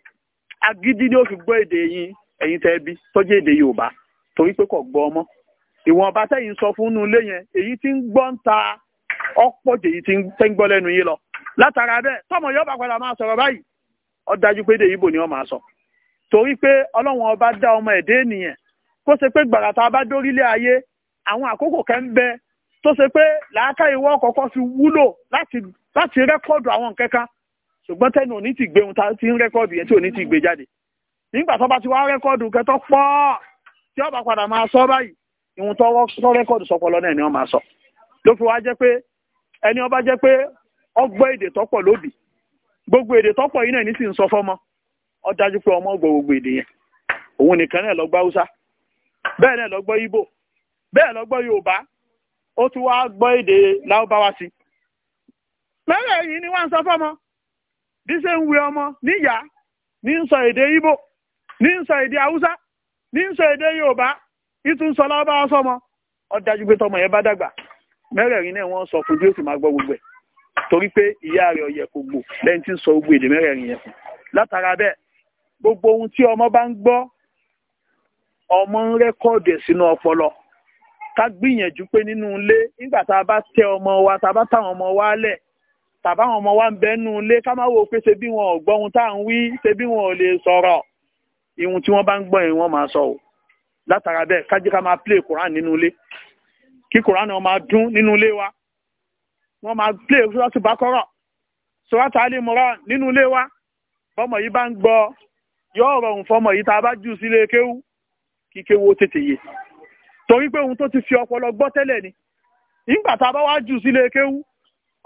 agídí ni ó fi gbọ́ èdè yín ẹ̀yin tẹ́ bí tọ́jú èdè Yorùbá torí pé kò gbọ́ ọmọ ìwọ̀nba tẹ́yìn sọ fún inú ilé yẹn èyí tí ń gbọ́ ń ta ọ̀pọ̀ jèyí tí ń gbọ́ lẹ́nu yín lọ látara bẹ́ẹ̀ tọmọ yóò bá padà máa sọ̀rọ̀ báyìí ó dájú pé dèyí bò ni wọ́n máa sọ torí pé ọlọ́run ọba dá ọmọ ẹ̀dẹ́ ènìyàn kó ṣe pé gbàrà tá a bá dórílé ayé àwọn àkókò kan ń bẹ tó ṣe pé làákà ìwọ kọ̀ọ̀kan fi wúlò láti rẹ́kọ̀dù àwọn kẹ́kẹ́ ṣùgbọ́n tẹ́nu òní ti gbé ohun tí ń rẹ́kọ̀dù yẹn tí òní ti gbé jáde nígbà tó bá ti wá rẹ́kọ̀dù kẹtọ́ pọ̀ tí ọba padà máa sọ báyìí ìhun tó rẹ́kọ̀dù sọpọlọ náà ni wọ́n máa sọ ló fi wá jẹ́ pé ẹni ọba jẹ́ pé ọgbọ́ èdè tọ́pọ̀ lóbi gbogbo èdè tọ́pọ̀ yìí náà ní sì ń sọ ọ dájú pé ọmọ gbọ́ gbogbo èdè yẹn òun nìkan náà ló haúsá bẹ́ẹ̀ náà bẹ́ẹ̀ yorùbá ó tún gbọ́ èdè láwùbáwá sí mẹ́rẹ̀ yìí ni wọ́n ń sọ bí ṣe ń ọmọ níyà ní ń èdè ní ń sọ èdè haúsá ní ń èdè yorùbá ìtún sọ láwùbáwá sọmọ ọ torí pé ìyá rẹ̀ ọ̀yẹ̀ kò gbò lẹ́yìn tí ń sọ gbogbo èdè mẹ́rẹ̀ẹ̀rin yẹn fún látara bẹ́ẹ̀ gbogbo ohun tí ọmọ bá ń gbọ́ ọmọ ń rẹ́kọ̀dì sínú ọpọlọ ká gbìyànjú pé nínú ilé nígbà tá a bá tẹ ọmọ wa tá a bá táwọn ọmọ wa lẹ̀ tàbá àwọn ọmọ wa ń bẹ nínú ilé ká má wò pé ṣe bí wọn ò gbọ́ ohun tá à ń wí ṣe bí wọn ò lè sọ̀rọ̀ ihun tí wọ́n bá ń gbọ́ yẹn wọ́n máa sọ o látara bẹ́ẹ̀ ká jẹ́ ká máa play Quran nínú ilé kí Quran náà máa nínú ilé wa wọ́n máa gbé sọ́tù bákọ́rọ̀ sọ́tù alimọ̀rọ̀ nínú ilé wa fọmọ yìí bá ń gbọ́ yóò rọrùn fọmọ yìí tá a bá jù sílé kéwú kí kéwú ó tètè yé torí pé ohun tó ti fi ọpọlọ gbọ́ tẹ́lẹ̀ ni nígbà tá a bá wá jù sílé kéwú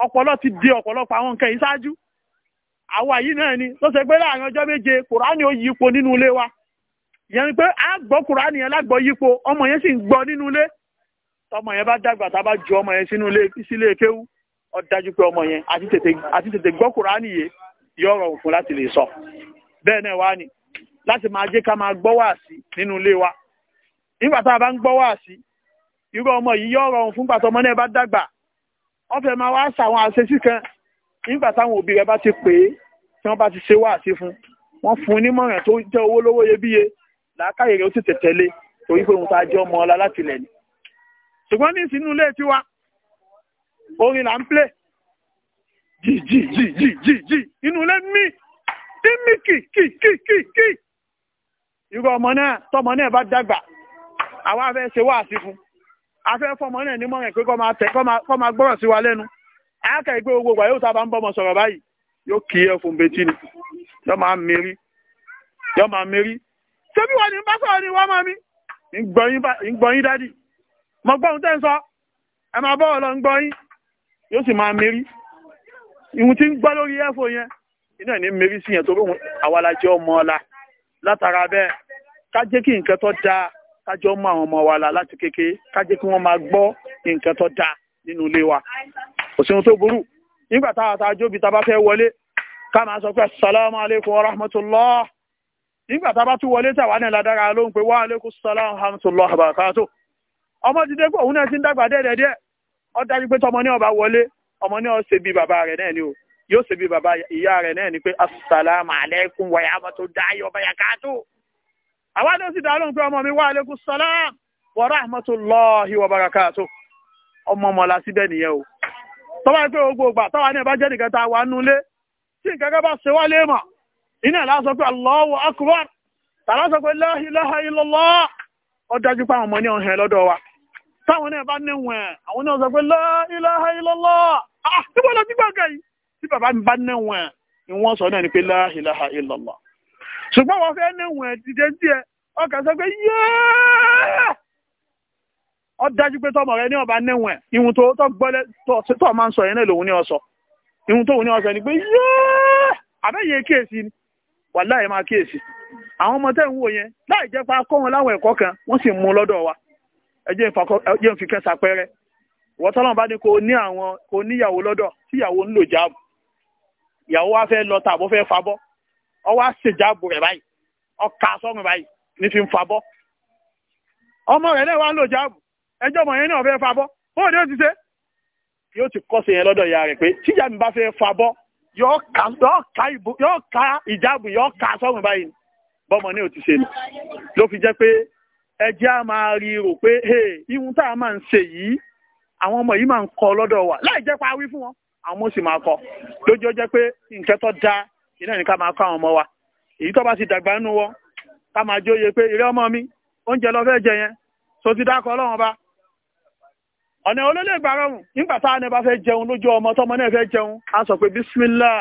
ọpọlọ ti di ọ̀pọ̀lọpọ̀ àwọn nǹkan yìí ṣáájú àwa yìí náà ni tó ṣe pé láàrin ọjọ́ méje kùránì ó yí ipò nínú ilé wa ìyẹn ni pé a gbọ́ kùránì yẹn lágbọ́ yípo ọmọ yẹn sì ń gbọ́ nínú ilé tọmọ yẹn bá dàgbà tá a bá ju ọmọ yẹn sínú ilé kéwú ó dájú pé ọmọ yẹn àti tètè gbọ́ kùránì yé yóò rọrùn fún láti lè sọ bẹ́ẹ̀ náà wá ní láti máa jẹ́ ká máa gbọ́ wáàsí nínú ilé wa nígbà tá a bá ń gbọ́ wáàsí irú ọmọ yìí yóò rọrùn fún gbàtọ́ ọmọ náà bá dàgbà wọ́n fẹ́ máa wá sàwọn àṣeṣí kan nígbà táwọn òbí rẹ̀ bá ti pè é tí wọ́n bá ti ṣe wáàsí fún wọ́n fún un nímọ̀ràn tó jẹ́ owó lówó iyebíye làákàyè rẹ̀ ó sì tẹ̀tẹ̀lé torí pé òun tá jẹ́ ọmọ ọlá láti ilẹ̀ ni ṣùgbọ́n ní ìsinú ilé tiwa orin là ń plé jì jì jì jì jì jì inú ilé mí tí mí kì kì kì kì kì irú ọmọ náà tọmọ náà bá dàgbà àwa fẹ́ ṣe wá sí fún afẹ́ fọmọ náà ní mọ̀rìn pé kọ́ máa gbọ́rọ̀ sí wa lẹ́nu akẹ́ ìgbé gbogbo àyè òtá bá ń bọ́mọ sọ̀rọ̀ báyìí yóò kí ẹ fún betí ni yóò máa mérí yóò máa mérí ṣébí wọn ni bá sọ̀rọ̀ ni wọ́n máa mi ń gbọ́yìn dádì mo gbọ́ tẹ́ ń sọ ẹ máa bọ́ ọ̀ lọ ń gbọ́yìn yóò sì máa mérí ìhun tí ń gbá lórí ẹ́fò yẹn iná ní mérí sí yẹn tó lóhun àwàlájẹ́ ọmọ ọ̀la látara bẹ́ẹ̀ ká jẹ́ kí nǹkan tó dáa kájọ́ mọ àwọn ọmọ wa la láti kékeré ká jẹ́ kí wọ́n máa gbọ́ nǹkan tó dáa nínú ilé wa kò sí ohun tó burú nígbà táwa tá a jóbi tá a bá fẹ́ wọlé ká máa sọ pé salamu aleykum wa rahmatullah nígbà tá a bá tún wọlé tàwa náà ládára lóhùn pé wa aleykum salamu wa rahmatullah ọmọ ti dé pé òun náà ti ń dàgbà dẹ́ẹ̀dẹ́ẹ́ ọ dájú pé tọmọ ní ọba wọlé ọmọ ní ó ṣe bàbá rẹ náà o yóò ṣe bàbá ìyá rẹ náà ni pé asalaamu aleykum wa yàrá tó dá yọ ọba yàrá tó àwa pé ọmọ mi wà ọmọ mọ̀lá síbẹ̀ nìyẹn o tọ́wọ́ pé gbogbo ní jẹ́ nìkan tá a wà tí nǹkan kan bá ṣe wá lé mọ̀ iná pé pé pé àwọn táwọn náà bá níwọ̀n ẹ̀ àwọn náà sọ pé la ilaha illallah ah! lọ sí gbàgbà yìí tí bàbá mi bá níwọ̀n ni wọ́n sọ náà ni pé ilaha ṣùgbọ́n wọ́n fẹ́ níwọ̀n dídé díẹ̀ ọkà sọ pé ọ pé rẹ ní ọba ìhun tó tọ́ gbọ́lẹ̀ máa ń sọ yẹn náà lòun ní ọsọ ìhun ni pé àbẹ́yẹ ni máa ẹjẹ́ ń fi kẹsà pẹ́rẹ́ wọ́n tọ́lọ́n bá ní kò ní àwọn kò níyàwó lọ́dọ̀ tí ìyàwó ń lò jáàbù ìyàwó wa fẹ́ lọ tàbó fẹ́ fabọ́ ọ wá ṣe jáàbù rẹ̀ báyìí ọ kà sọ́run báyìí ní fi ń fabọ́ ọmọ rẹ̀ náà wá ń lò jáàbù ẹjọ́ ọmọ yẹn náà fẹ́ fabọ́ bóò ni ó ti ṣe yóò ti kọ́ sí yẹn lọ́dọ̀ ìyá rẹ̀ pé tíjà mi bá fẹ́ fabọ́ yóò ka ìjáàbù yóò kà sọ́run báyìí bọ́mọ ní ò ti ṣe ló fi jẹ́ pé ẹ jẹ́ a máa rí rò pé ihun tá a máa ń ṣe yìí àwọn ọmọ yìí máa ń kọ́ lọ́dọ̀ wa láì jẹ́ pa wí fún wọn àwọn ọmọ sì máa kọ́ lójú ọjọ́ pé nǹkan tó da iná ní máa kọ́ àwọn ọmọ wa èyí tó bá ti dàgbà nínú wọn ká máa jóye pé ìrẹ́ ọmọ mi oúnjẹ lọ fẹ́ jẹ yẹn tó ti dákọ̀ ọlọ́run ọba ọ̀nà olólè gbà rọrùn nígbà táwọn ẹni bá fẹ́ jẹun lójú ọmọ tọmọ náà fẹ́ jẹun á sọ pé bísímìlá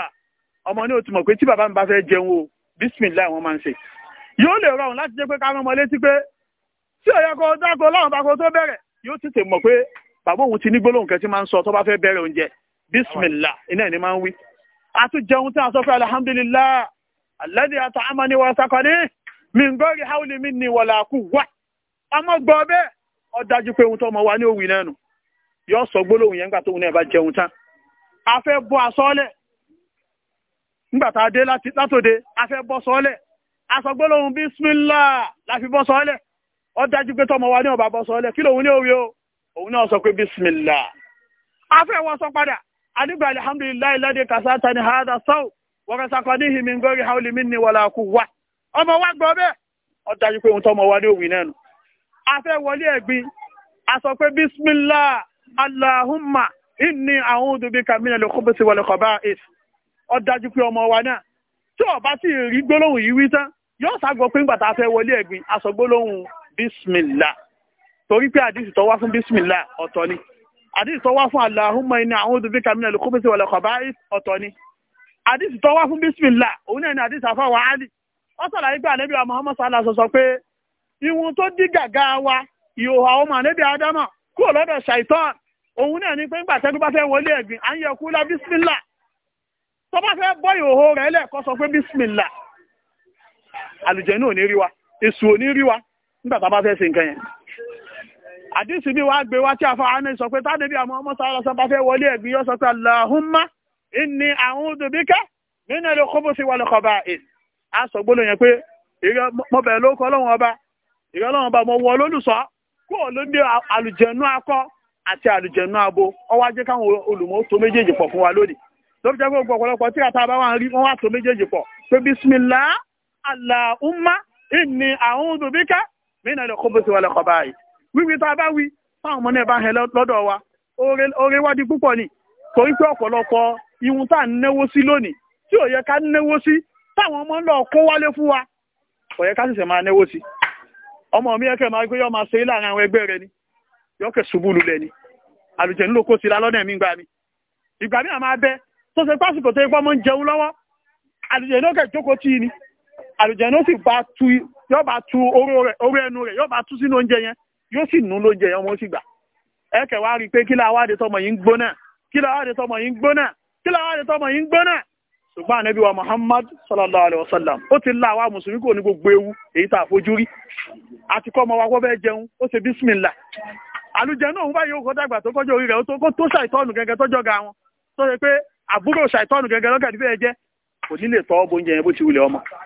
ọmọ ní òtún pé tí bàbá mi bá fẹ́ jẹun o bísímìlá wọn máa ń ṣe yóò lè rọrùn láti jẹ́ pé ká rán ọmọ létí pé tí ọ̀yọ́ kò dáko ọlọ́run bá tó bẹ̀rẹ̀ yóò tètè mọ̀ pé bàbá òun ti ní gbólóhùn kan máa ń sọ tó bá fẹ́ bẹ̀rẹ̀ oúnjẹ bísmìlà iná ni máa ń wí. a tún jẹun tí a sọ pé wa sakani min ghairi hawli minni wala quwwa. ọmọ gbọ́ bẹ́ẹ̀ ọ dájú pé ohun sọ gbólóhùn yẹn tó bá jẹun tán. a fẹ́ bọ́ ó dájú pé tọmọ wa ní ọba bọ́ sọlẹ̀ kí lòun ní òwe o òun náà sọ pé bísímìlà afẹ́ wọn sọ padà adigba alihamdulilayi lade kasata ni hada saw wọ́kẹ́sàkọ́ ní himin gori haoli mi ni wàlá kú wa ọmọ wa gbọ́ bẹ́ẹ̀ ó dájú pé òun tọmọ wa ní òwe náà nù afẹ́ wọlé ẹ̀gbin a sọ pé bísímìlà alahumma inni a'udhu bika minal khubuthi wal khaba'ith ó dájú pé ọmọ wa náà tí ó sì rí gbólóhùn yìí wí tán yóò sá pé ńgbà tá a a sọ gbólóhùn bísmìlá torí pé àdìsí tó wá fún bísmìlá ọ̀tọ̀ ni àdìsí tó wá fún aláhùnmọ́ iná àwọn òdòdó kàmínà ló kóbèsè wọlé kọ̀bá ọ̀tọ̀ ni àdìsí tó wá fún bísmìlá òun náà ni àdìsí àfáwà áàlì wọ́n sọ̀rọ̀ yìí pé ànẹ́bí wa Muhammad sallah sọ pé ìwọ̀n tó dí gàgá wa ìhòhò àwọn ọmọ ànẹ́bí Ádámà kúrò lọ́dọ̀ ṣàìtàn òun náà ni pé ń gbàtẹ́gbé bá fẹ́ wọlé ẹ̀gbìn à ń yẹ kú lá bísmìlá tó bá fẹ́ bọ́ ìhòhò rẹ̀ lẹ́ẹ̀kọ́ sọ pé bísmìlá àlùjẹ́ náà ò ní rí wa èṣù ò rí wa nígbà tá a bá fẹ́ ṣe nǹkan yẹn àdìsí bí wàá gbé wá tí a fa àánú sọ pé táde bí àwọn ọmọ sáré ọsán bá fẹ́ wọlé ẹ̀gbìn yóò sọ pé Allahumma inni a'udhu bika min al-khubuthi wal-khaba'ith a sọ gbólóhùn yẹn pé ìrẹ mo bẹ̀rẹ̀ ló kọ́ lọ́wọ́n ọba ìrẹ lọ́wọ́n ọba mo wọ lólùsọ kó o ló dé àlùjẹ̀nú akọ àti àlùjẹ̀nú abo ọwọ́ ajé káwọn olùmọ̀ méjèèjì pọ̀ fún wa lónìí lóbi jẹ́ gbogbo mínà lè kóbó sí wọlé kọba yìí wíwí tá a bá wí táwọn ọmọ náà bá hẹ lọ́dọ̀ wa oore wádìí púpọ̀ ni torí pé ọ̀pọ̀lọpọ̀ ihun tá à ń náwó sí lónìí tí ò yẹ ká náwó sí táwọn ọmọ ń lọ kó wálé fún wa kò yẹ ká ṣẹ̀ṣẹ̀ máa náwó sí ọmọ mi yẹ kẹ́ máa gbé yọ máa ṣe láàrin àwọn ẹgbẹ́ rẹ ni yọ ṣubú lulẹ̀ ni àlùjẹ̀nu ló kó sí lálọ́nà mi gbà mí ìgbà mi àmà bẹ tó ṣe pásítọ̀ tó yẹ pé ọmọ ń jẹun lọ́wọ́ àlùjẹ̀nu ó kẹ́ jókòó tì í ni àlùjẹ̀nú sì bá tu yóò bá tu oró ẹnu rẹ̀ yóò bá tú sínú oúnjẹ yẹn yóò sì nù lóúnjẹ yẹn wọ́n sì gbà ẹ kẹ̀ wá rí i pé kí láwádìí tọmọ yìí ń gbóná kí láwádìí tọmọ yìí ń gbóná kí tọmọ yìí ń gbóná ṣùgbọ́n ànábì wa muhammad sallallahu alayhi wa sallam ó ti la wa mùsùlùmí kò ní gbogbo ewu èyí tá a fojú rí àti kọ́ ọmọ wa kó fẹ́ jẹun ó ṣe bísímìlà àlùjẹ̀nú òun báyìí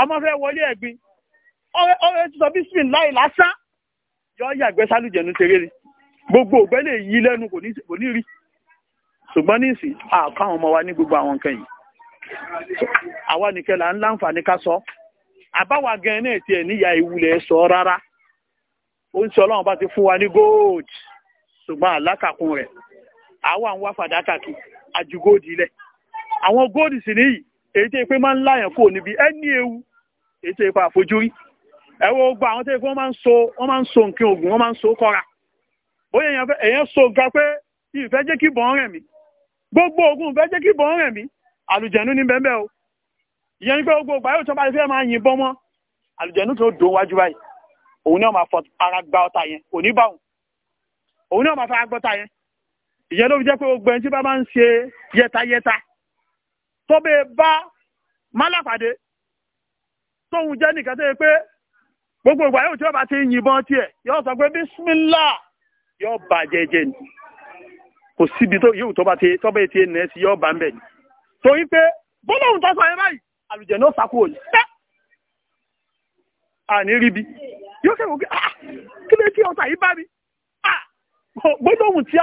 ọmọ fẹ́ wọlé ẹ̀gbin ọ̀rẹ́ ti sọ bísí láì lásán yọ yàgbẹ́ sálùjẹ̀nu ṣeré ni gbogbo ògbẹ́ lè yí kò ní rí ṣùgbọ́n ní ìsìn ọmọ wa ní gbogbo àwọn nǹkan yìí àwa nìkẹ́ là ń láǹfààní ká sọ àbáwa gan náà tiẹ̀ níyà sọ rárá ó ń sọ ti fún wa ní gold ṣùgbọ́n rẹ̀ àwa ń wá fàdákà kí ilẹ̀ àwọn sì níyì èyí tó yẹ pé máa ń láyàn kúrò níbi ẹni ewu èyí tó yẹ pé àfojúrí ẹwọ ogun àwọn tó yẹ pé wọ́n máa ń so wọ́n máa ń so nǹkan ogun wọ́n máa ń so kọ́ra bóyá èèyàn so ga pé ìfẹ́ jẹ́ kí bọ́n rẹ̀ mí gbogbo ogun ìfẹ́ jẹ́ kí bọ́n rẹ̀ mí àlùjẹ̀nu ní bẹ́ẹ̀ o ìyẹn ní pé gbogbo ìgbà yóò tó bá fẹ́ máa yìnbọn mọ́ àlùjẹ̀nu tó dùn wájú báyìí òun náà máa fọ ara gba ọta tó bẹ bá málàpàdé tóun jẹ́ nìkan tó yẹ pé gbogbo ìgbà yóò tí ó bá ti yìnbọn tiẹ̀ yóò sọ pé bísímìlà yóò bà jẹjẹ ni kò síbi tó yóò tó bá ti tó bá ti sí yóò bá ń bẹ̀ ni torí pé bọ́lọ́hùn tó sọ yẹn báyìí àlùjẹ̀ náà sákúrò ní pẹ́ àní ríbi yóò kẹ́kọ̀ọ́ pé ah kí lè kí ọ̀sà yìí bá mi ah gbọ́dọ̀ ohun tí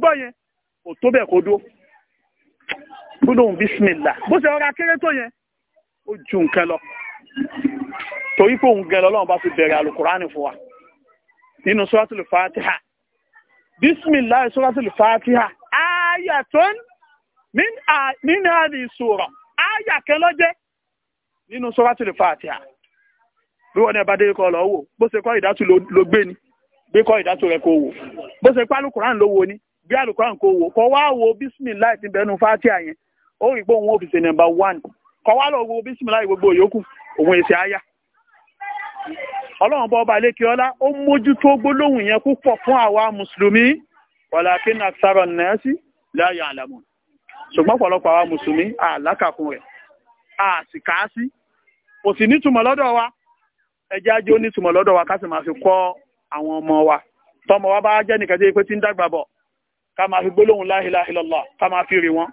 gbọ́ yẹn kò tó bẹ́ẹ̀ kó dúró gbólóhùn bísímìlà bó ṣe ọ̀rọ̀ akéré tó yẹn ó ju nǹkan lọ torí pé òun gẹ lọ́lọ́run bá fi bẹ̀rẹ̀ alukurani fún wa nínú suratul fatiha bísímìlà suratul fatiha ayatun min hadi sura ayà kan ló jẹ́ nínú suratul fatiha bí wọ́n ní ẹ̀bá délé lọ wò bó ṣe kọ́ ìdátù ló gbé ni gbé kọ́ ìdátù rẹ̀ kó wò bó ṣe pálukùrán ló wo ni gbé alukuran kó wò kọ́ wá wo bísímìlà ìtìbẹ̀nu fatiha yẹn ó rí pé òun ò fi ṣe nọmba one kọ wá lọ wo bísímìlá gbogbo yòókù òun èsì àyà ọlọ́run bá ọba lékè ọlá ó mójútó gbólóhùn yẹn púpọ̀ fún àwa mùsùlùmí wàlàkínà sára nẹ́ẹ̀sì láàyè àlàmù ṣùgbọ́n pọ̀lọpọ̀ àwa mùsùlùmí àlákàkùn rẹ̀ àsìkáàsí kò sì nítumọ̀ lọ́dọ̀ wa ẹjẹ́ ajé ó nítumọ̀ lọ́dọ̀ wa ká sì máa fi kọ́ àwọn ọmọ wa tọmọ wa bá jẹ́ nìkan tí pé tí ń dàgbà bọ̀ ká máa fi gbólóhùn la ilaha illallah ká máa fi rí wọn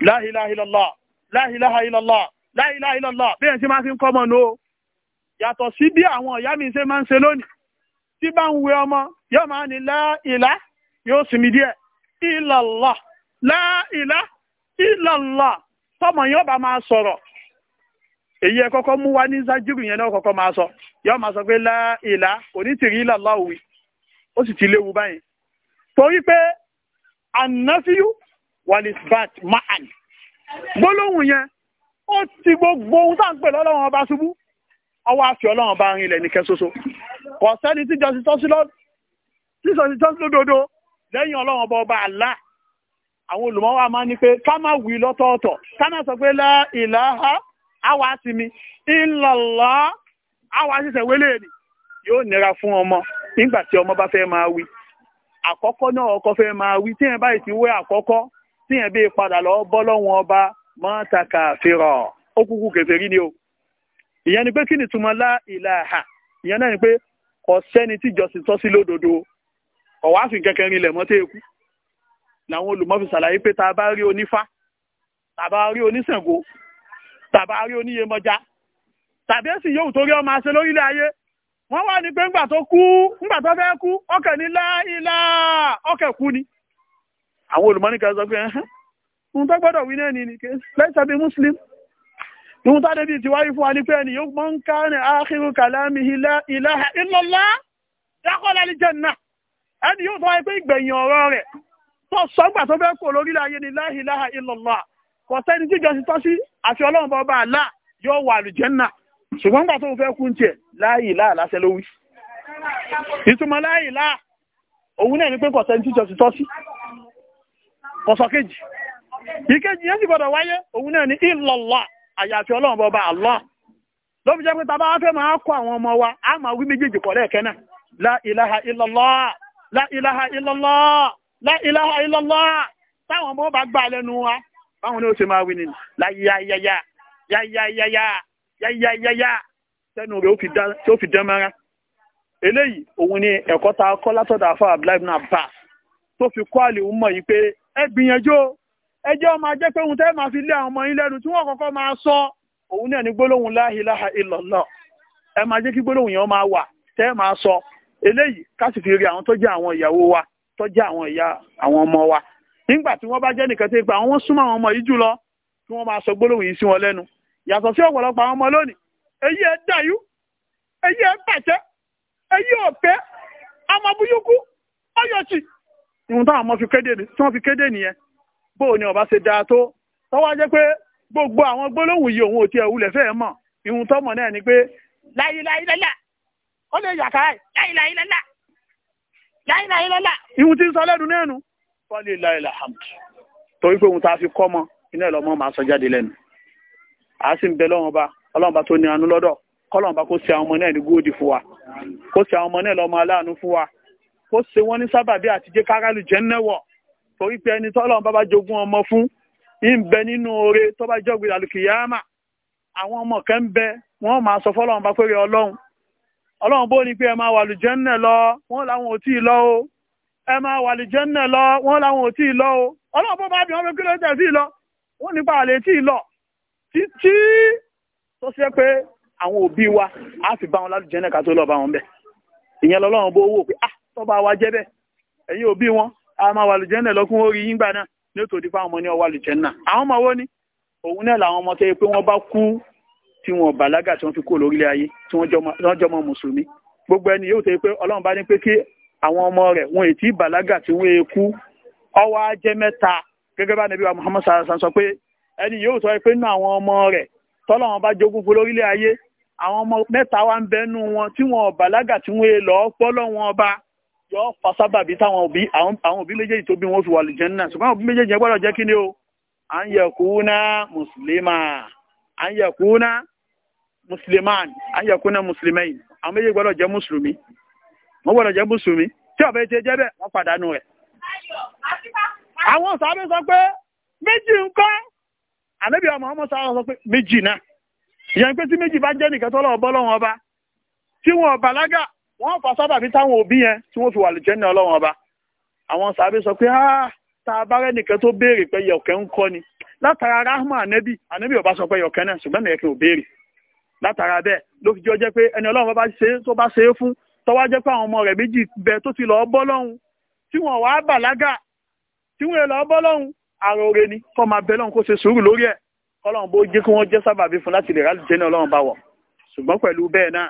la ilaha illallah la ilaha illallah la ilaha illallah bí ẹ̀ sí máa fi ń kọ́mọ̀ ní o yàtọ̀ sí bí àwọn ìyá mi ṣe máa ń ṣe lónìí tí bá ń wé ọmọ yóò máa ní la ilaha yóò sinmi díẹ̀ illallah la ilaha illallah tọmọ yóò bá máa sọ̀rọ̀ èyí ẹ kọ́kọ́ mú wá ní zájírù yẹn náà kọ́kọ́ máa sọ yóò máa sọ pé la onítìrí illallah ó sì ti léwu báyìí torí pé ànáfíyú walisbat ma'an gbólóhùn yẹn ó ti gbogbo ohun tá à ń pè lọ́lọ́run ọba ṣubú ọwọ́ àfi ọlọ́run ọba rinlẹ̀ nìkan ṣoṣo kò sẹ́ni tí jọ́sí tọ́sí lódodo lẹ́yìn ọlọ́run ọba ọba Allah àwọn olùmọ́wà máa ní pé ká má wí lọ́tọ̀ọ̀tọ̀ ká má sọ pé la ilaha àwa sí mi illallah àwa ṣẹ̀ṣẹ̀ wélé ni yóò nira fún ọmọ nígbà tí ọmọ bá fẹ́ máa wí àkọ́kọ́ náà ọkọ fẹ́ máa wí tí ẹ báyìí ti wé àkọ́kọ́ tí yẹn bí padà lọ bọ́ lọ́wọ́n ọba mọ́tàkà fìrọ̀ ó kúkú kèfèrí ni o ìyẹn ni pé kí ni túmọ̀ lá ìlàhà ìyẹn náà ni pé kò sẹ́ni tí ìjọsìn tọ́ sí lódodo ọ̀wáfin kẹ̀kẹ́ rinlẹ̀ mọ́tẹ́ eku làwọn olùmọ́fi ṣàlàyé pé tá a bá rí onífá tá a bá rí oníṣàngó tá a bá rí oníyemọja tàbí ẹ̀sìn yóò torí ọmọ àṣẹ lórílẹ̀ ayé wọ́n wá ní pé ńgbà tó kú ńgbà tó fẹ́ kú ọkẹ̀ ní láìlá ọkẹ̀ kú ni àwọn olùmọ́nìkà sọ pé ẹ̀hán ohun tó gbọ́dọ̀ wí náà ni ni lẹ́sàbí muslim ohun tó débi ti wáyé fún wa ní pé ẹni yóò mọ́ ń ká rẹ̀ tó sọ́gbà tó fẹ́ kò la ilaha illallah kò sẹ́ni tí jọ́sí tọ́sí àti ọlọ́run ìtumọ̀ láàyè òun náà ni pé kò sẹ́ni tí tọ́sí kọ̀sọ̀ kejì ìkejì yẹn sì gbọ́dọ̀ wáyé òun náà ni ịlọlọ àyàfi ọlọ́run bọba Allah ló fi jẹ́ pé tàbá wá máa kọ àwọn ọmọ wa a máa wí méjèèjì pọ̀ lẹ́ẹ̀kẹ́ náà la ilaha illallah la ilaha la tó fi kọ́ àlè mọ̀ pé ẹ gbìyànjú ma jẹ́ ọmọ ajẹ́ pé tẹ́ máa fi lé àwọn ọmọ yín lẹ́nu tí wọn kọkọ máa sọ òun náà ní gbólóhùn la ilaha illallah ẹ máa jẹ́ kí gbólóhùn yẹn máa wà tẹ́ máa sọ eléyìí ká fi rí àwọn tó jẹ́ àwọn wa tó jẹ́ àwọn ìyá àwọn ọmọ wa nígbà tí wọn bá jẹ́ nìkan tó gba àwọn súnmọ́ àwọn ọmọ yìí jùlọ kí wọn máa sọ gbólóhùn yìí sí wọn sí àwọn ọmọ ìwọ̀n táwọn ọmọ fi kéde tí wọ́n fi kéde nìyẹn bó o ọba ṣe dáa tó tọ́wọ́ jẹ́ pé gbogbo àwọn gbólóhùn yìí òun ò tiẹ̀ wulẹ̀ fẹ́ẹ̀ mọ̀ ìwọ̀n tọ́mọ náà ni pé láyíláyílẹ́lá ó lè yàkà láyíláyílẹ́lá láyíláyílẹ́lá ìwọ̀n tí ń sọ lẹ́nu náà nu fọ́lì láyílá hamdi torí pé òun tá a fi kọ́ mọ iná ìlọmọ máa sọ jáde lẹ́nu à á sì ń bẹ lọ́wọ́n bá ọlọ́run bá tó ní anú lọ́dọ̀ kọ́lọ́run bá kó ṣe àwọn ọmọ náà ní góòdì fún wa kó ṣe àwọn ọmọ náà lọ́mọ aláàánú fún wa kó ṣe wọ́n ní sábàbí àtijẹ́ káràlù jẹ́ nẹ́wọ̀ torí pé ẹni tọ́lọ́ bá bá jogún ọmọ fún ń bẹ nínú oore tó bá jọ́gbìn àlùkìyàmà àwọn ọmọ kan ń bẹ wọ́n máa sọ fọ́lọ́run bá péré ọlọ́run ọlọ́run bó ní pé ẹ máa wà lùjẹ́ ńnẹ̀ lọ wọ́n làwọn ò tí ì lọ o ẹ máa wà lùjẹ́ ńnẹ̀ lọ wọ́n làwọn ò tí ì lọ o ọlọ́run bó bá bí wọ́n fi kíló tẹ̀ sí lọ wọ́n nípa àlè tí ì lọ títí tó ṣe pé àwọn òbí wa á fi bá wọn lálùjẹ́ ńnẹ̀ ká tó lọ bá wọn bẹ̀ ìyẹn lọ́lọ́run bó wò pé ah tọ́ba wa jẹ́ bẹ́ẹ̀ ẹ̀yin òbí wọn a máa wà lùjẹ́ náà lọ́kùn orí yín gbà náà ní òtò dípá àwọn ọmọ ní ọwà lùjẹ́ náà àwọn ọmọ wo ni òun náà làwọn ọmọ tó yẹ pé wọ́n bá kú tí wọ́n bàlágà tí wọ́n fi kó lórílẹ̀ ayé tí wọ́n jọmọ mùsùlùmí gbogbo ẹni yóò tó yẹ pé ọlọ́run bá ní pé kí àwọn ọmọ rẹ̀ wọn ètí bàlágà tí wọ́n kú ọwọ́ ajẹ́ mẹ́ta gẹ́gẹ́ bá nàbí wa Muhammad sàrásà sọ pé ẹni sọ pé nínú yọ fasábàbí táwọn òbí àwọn òbí méjèèjì tó bí wọn fi wà lìjẹ́ náà ṣùgbọ́n òbí méjèèjì yẹn gbọ́dọ̀ jẹ́ kí ni o à ń yẹ̀kúná mùsùlùmá à ń yẹ̀kúná mùsùlùmán à ń yẹ̀kúná mùsùlùmẹ́yìn àwọn méjèèjì gbọ́dọ̀ jẹ́ mùsùlùmí wọ́n gbọ́dọ̀ jẹ́ mùsùlùmí tí ọ̀bẹ ti jẹ́ bẹ́ẹ̀ wọ́n pàdánù rẹ̀. àwọn sàbẹ̀ sọ pé méjì ń kọ́ ànábì ọmọ ọmọ sàbẹ̀ wọ́n fà sábàbí táwọn òbí yẹn tí wọ́n fi wà lùjẹ́nà ọlọ́run ọba àwọn sàbí sọ pé tá a bá rẹ́nìkan tó béèrè pé yọ̀kẹ́ ń kọ́ ni látara rahma anabi anabi ọba sọ pé yọ̀kẹ́ náà ṣùgbọ́n nìyẹn kí o béèrè látara bẹ́ẹ̀ ló fi jọ jẹ́ pé ẹni ọlọ́run bá ṣe tó bá ṣe é fún tọ́wá jẹ́ pé àwọn ọmọ rẹ̀ méjì bẹ tó ti lọ́ọ́ bọ́ lọ́hùn tí wọ́n wàá bàlágà tí wọ́n lọ́ọ́ bọ́ lọ́hùn ara oore ni kọ́ máa bẹ lọ́hùn kó ṣe sùúrù lórí ẹ̀ kọ́lọ́hùn bó jẹ́ kí wọ́n jẹ́ sábàbí fún láti lè rálùjẹ́ ní ọlọ́run bá wọ̀ ṣùgbọ́n pẹ̀lú bẹ́ẹ̀ náà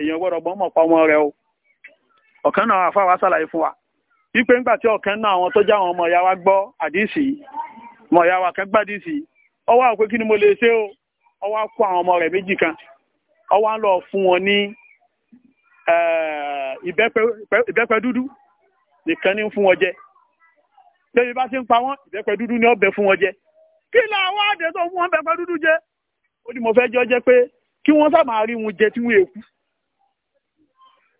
èèyàn gbọ́dọ̀ gbọ́n mọ̀ pa ọmọ rẹ o ọ̀kan náà àfa wa ṣàlàyé fún wa wípé ńgbà tí ọ̀kan náà àwọn tó já ọmọ ìyá wa gbọ́ àdìsí ọmọ ìyá wa kan gbàdìsí ọwọ́ àwọn kí ni mo lè ṣe o ọwọ́ kó àwọn ọmọ rẹ̀ méjì kan ọwọ́ ń lọ fún wọn ní eh, ìbẹ́pẹ dúdú nìkan ní fún wọn jẹ lẹ́yìn bá ṣe ń pa wọ́n ìbẹ́pẹ dúdú ní ọbẹ̀ fún wọn jẹ kí làwọn àdé tó fún wọn bẹ́pẹ dúdú jẹ ó ní mo fẹ́ jọ jẹ pé kí wọ́n sábà rí wọn jẹ tí wọ́n èkú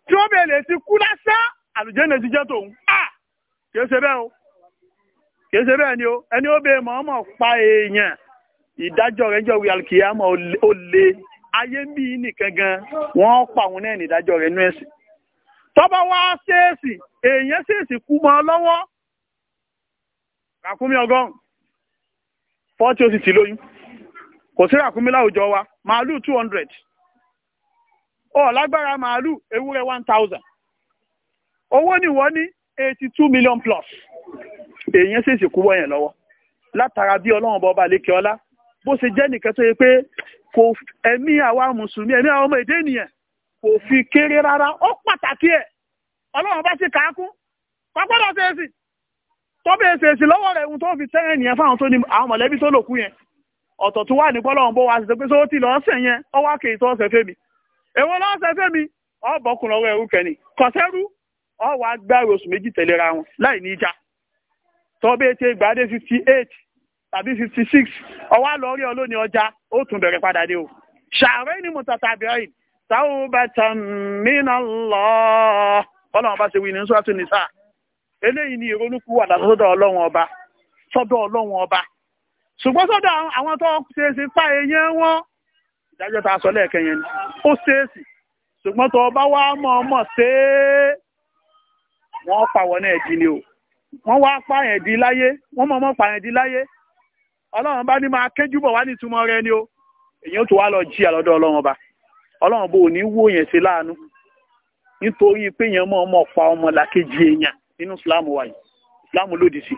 tí ó bẹ̀rẹ̀ ti kú lásá àlùjẹ́ náà ti jẹ́ tòun à kìí ṣe bẹ́ẹ̀ o kìí ṣe bẹ́ẹ̀ ni o ẹni ó pa èèyàn ìdájọ́ rẹ̀ jẹ́ wí alkiyama ó lé ayé pa òun náà nídájọ́ rẹ̀ nú ẹ̀sìn tọ́bọ̀ wá ṣèèṣì èèyàn kú mọ́ ọ lọ́wọ́ ọ lágbára màálù ewúrẹ́ one thousand owó ni wọ́n ní eighty two million plus èèyàn ṣèṣì kúwọ́ yẹn lọ́wọ́ látara bí ọlọ́run bọ́ ọba lékè ọlá bó ṣe jẹ́ nìkan tó yẹ pé kò ẹ̀mí àwa mùsùlùmí ẹ̀mí àwọn ọmọ èdè ènìyàn kò fi kéré rárá ó pàtàkì ẹ̀ ọlọ́run bá ṣe kàákún pápọ́dọ̀ ṣe é sì tó bẹ́ẹ̀ ṣe èsì lọ́wọ́ rẹ̀ ohun tó fi tẹ́rẹ̀ nìyẹn fáwọn tó ní àwọn mọ̀lẹ́bí tó lòkú yẹn ọ̀tọ̀ tó wà ní pọ́lọ́run bó wa ṣe pé sówó tí lọ́ọ́ sẹ̀ ọwọ́ kèé tó ọ̀sẹ̀ fẹ́mi èwo lọ́sẹ̀ fẹ́mi ọ̀bọ̀kùn lọ́wọ́ ẹrú kẹ́ni kọ̀sẹ́rú ọ̀wà gbáre oṣù méjì tẹ̀léra wọn láì ní ìjà tọ́bẹ̀ ti gbàdé fifty eight tàbí fifty six ọwọ́ àlọ́rí ọlọ́ni ọjà ó tún bẹ̀rẹ̀ padà dé o ṣàárẹ̀ ni mo tàtà bẹ́ẹ̀ táwọn bá tàn mí náà lọ ọlọ́run bá ṣe wí ní sọ́ọ́tún ní sáà eléyìí ni ìrònúkú wà lásọ̀dọ̀ ọlọ́run ọba sọ́dọ̀ ọlọ́run ọba ìdájọ́ tá a sọ lẹ́ẹ̀kan yẹn ni ó ṣèèṣì ṣùgbọ́n tó bá wá mọ̀ ọmọ ṣe wọ́n pa wọn náà ni o wọ́n wá pààyàn di láyé wọ́n mọ̀ ọmọ pààyàn di láyé ọlọ́run bá ní máa kẹ́jú bọ̀ wá ní ìtumọ̀ rẹ ni o èyí ó tún wá lọ jí àlọ́dọ̀ ọlọ́run ọba ọlọ́run bò ní wó yẹn ṣe láàánú nítorí pé yẹn mọ̀ ọmọ pa ọmọ làkejì èèyàn nínú ìsìláàmù wa yìí ìsìláàmù lòdì sí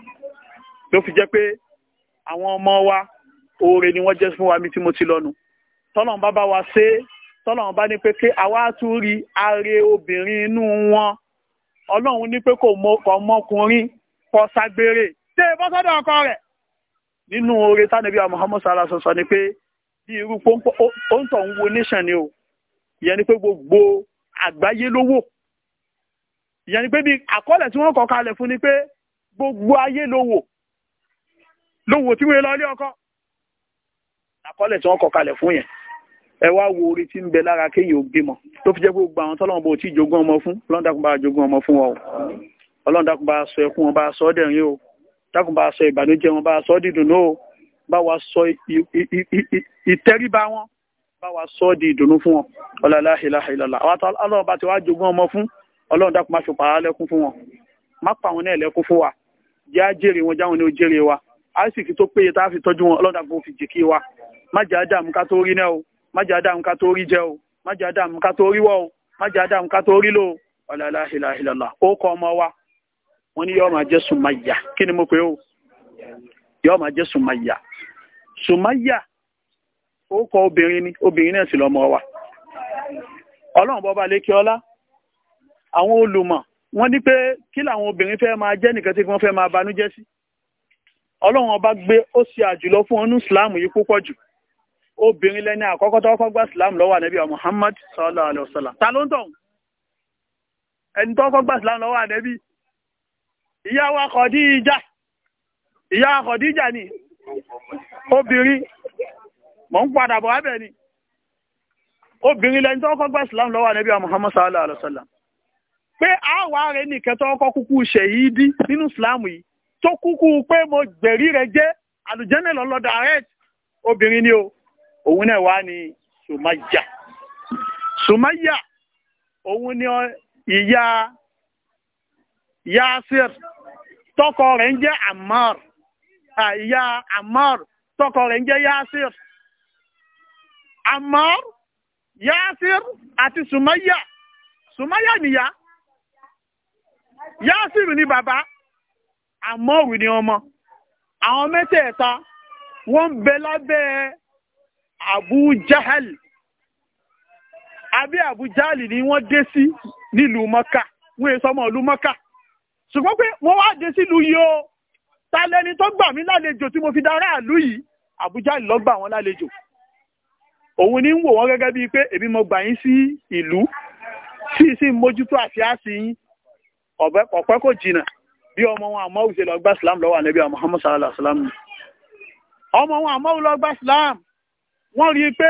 ló fi jẹ́ pé àwọn ọmọ wa oore ni wọ́n jẹ́ fún wa mi tí mo ti lọ́nu tọ́lọ́n bá bá wa ṣe tọ́lọ́n bá ní pé kí àwa tún rí ààrẹ obìnrin inú wọn ọlọ́run ní pé kò mọkùnrin kò ságbére tẹ ẹ bọ́ sọ́dọ̀ ọkọ rẹ̀ nínú oore tánàbí Muhammad sallá sọ̀sọ̀ ni pé bí irú pọ́ńtọ̀ ń wo nation ni o ìyẹn ni pé gbogbo àgbáyé ló wò ìyẹn ni pé bí àkọọ́lẹ̀ tí wọ́n kọ kalẹ̀ fún ni pé gbogbo ayé ló wò ló wò tí wọ́n lọ ilé ọkọ àkọọ́lẹ̀ tí wọ́n kọ kalẹ̀ fún yẹn ẹ wá wo orí tí ń bẹ lára kéèyàn ò bímọ tó fi jẹ́ gbogbo àwọn tọ́lọ́wọ́n bó tí jogún ọmọ fún ọlọ́run dákun jogún ọmọ fún wọn o ọlọ́run dákun sọ ẹkún wọn bá sọ ọ́ dẹ̀rín o dákun sọ ìbànújẹ́ wọn bá sọ ọ́ dìdùnnú o bá wa sọ ìtẹríba wọn bá wa sọ ọ́ di ìdùnnú fún wọn ọlọ́lá ilaha illallah àwọn ọlọ́run bá ti wá jogún ọmọ fún ọlọ́run dákun má fi pàrọ̀ lẹ́kún fún wọn má pa àwọn náà lẹ́kún fún wa jẹ́ àjèrè wọn jáwọn ní ó jèrè wa àìsìkì tó péye tá a fi tọ́jú wọn ọlọ́run má jẹ́ àjàmú ká tó rí náà o májá dáàmù ká tó rí jẹ́ o májá dáàmù ká tó rí wọ́ o májá dáàmù ká tó lò ó ọ̀làlá ó kọ́ ọmọ wa wọ́n ní yọ́ọ̀ máa jẹ́ sùmáyà kí ni mo pè ó yọ́ọ̀ máa jẹ́ sùmáyà sùmáyà ó kọ obìnrin ni obìnrin náà sì lọ́mọ wa ọlọ́run bọ́ba lékè ọlá àwọn olùmọ̀ wọ́n ní pé kí làwọn obìnrin fẹ́ máa jẹ́ nìkan tí wọ́n fẹ́ máa banújẹ́ sí ọlọ́run ọba gbé ó ṣe àjùlọ fún ọnú ìsìláàmù yìí púpọ̀ jù obìnrin lẹ́ni àkọ́kọ́ tó kọ́kọ́ gba islam lọ́wọ́ ànábì wa muhammad sallallahu alayhi wa ẹni tó gba lọ́wọ́ ànábì ìyá wa Khadija ìyá wa Khadija ni obìnrin mọ̀ ń padà bọ̀ abẹ́ ni obìnrin lẹ́ni tó gba lọ́wọ́ muhammad sallallahu alayhi wa sallam pé àwa rẹ̀ nìkan nínú yìí tó kúkú pé mo gbẹ̀rí rẹ̀ jẹ́ o òun náà wá ní Sùmáyà Sùmáyà òun ni ìyá Yasir tọkọ rẹ̀ ń jẹ́ Ammar ìyá Ammar tọkọ rẹ̀ ń jẹ́ Yasir Ammar Yasir àti Sùmáyà Sùmáyà nìyá Yasir ni bàbá amor ni ọmọ àwọn mẹ́tẹ̀ẹ̀ta wọ́n ń bẹ lábẹ́ Abu Jahal àbí Abu Jahal ni wọ́n dé sí nílùú Mọ́kà wọ́n èso ọmọ ìlú Mọ́kà ṣùgbọ́n pé wọ́n wá dé sílùú yìí o ta lẹni tó gbà mí lálejò tí mo fi dará àlú yìí Abu Jahal ló gbà wọ́n lálejò òun ni ń wò wọ́n gẹ́gẹ́ bíi pé èmi mo gbà yín sí ìlú tí ì sì ń mójútó àti àsì yín ọ̀pẹ́ kò jìnnà bí ọmọ wọn àmọ́ òṣèlú ọgbà Islam lọ́wọ́ àlẹ́bí Muhammad sallallahu alaihi ọmọ wọn àmọ́ òṣèlú ọgbà Islam wọ́n rí i pé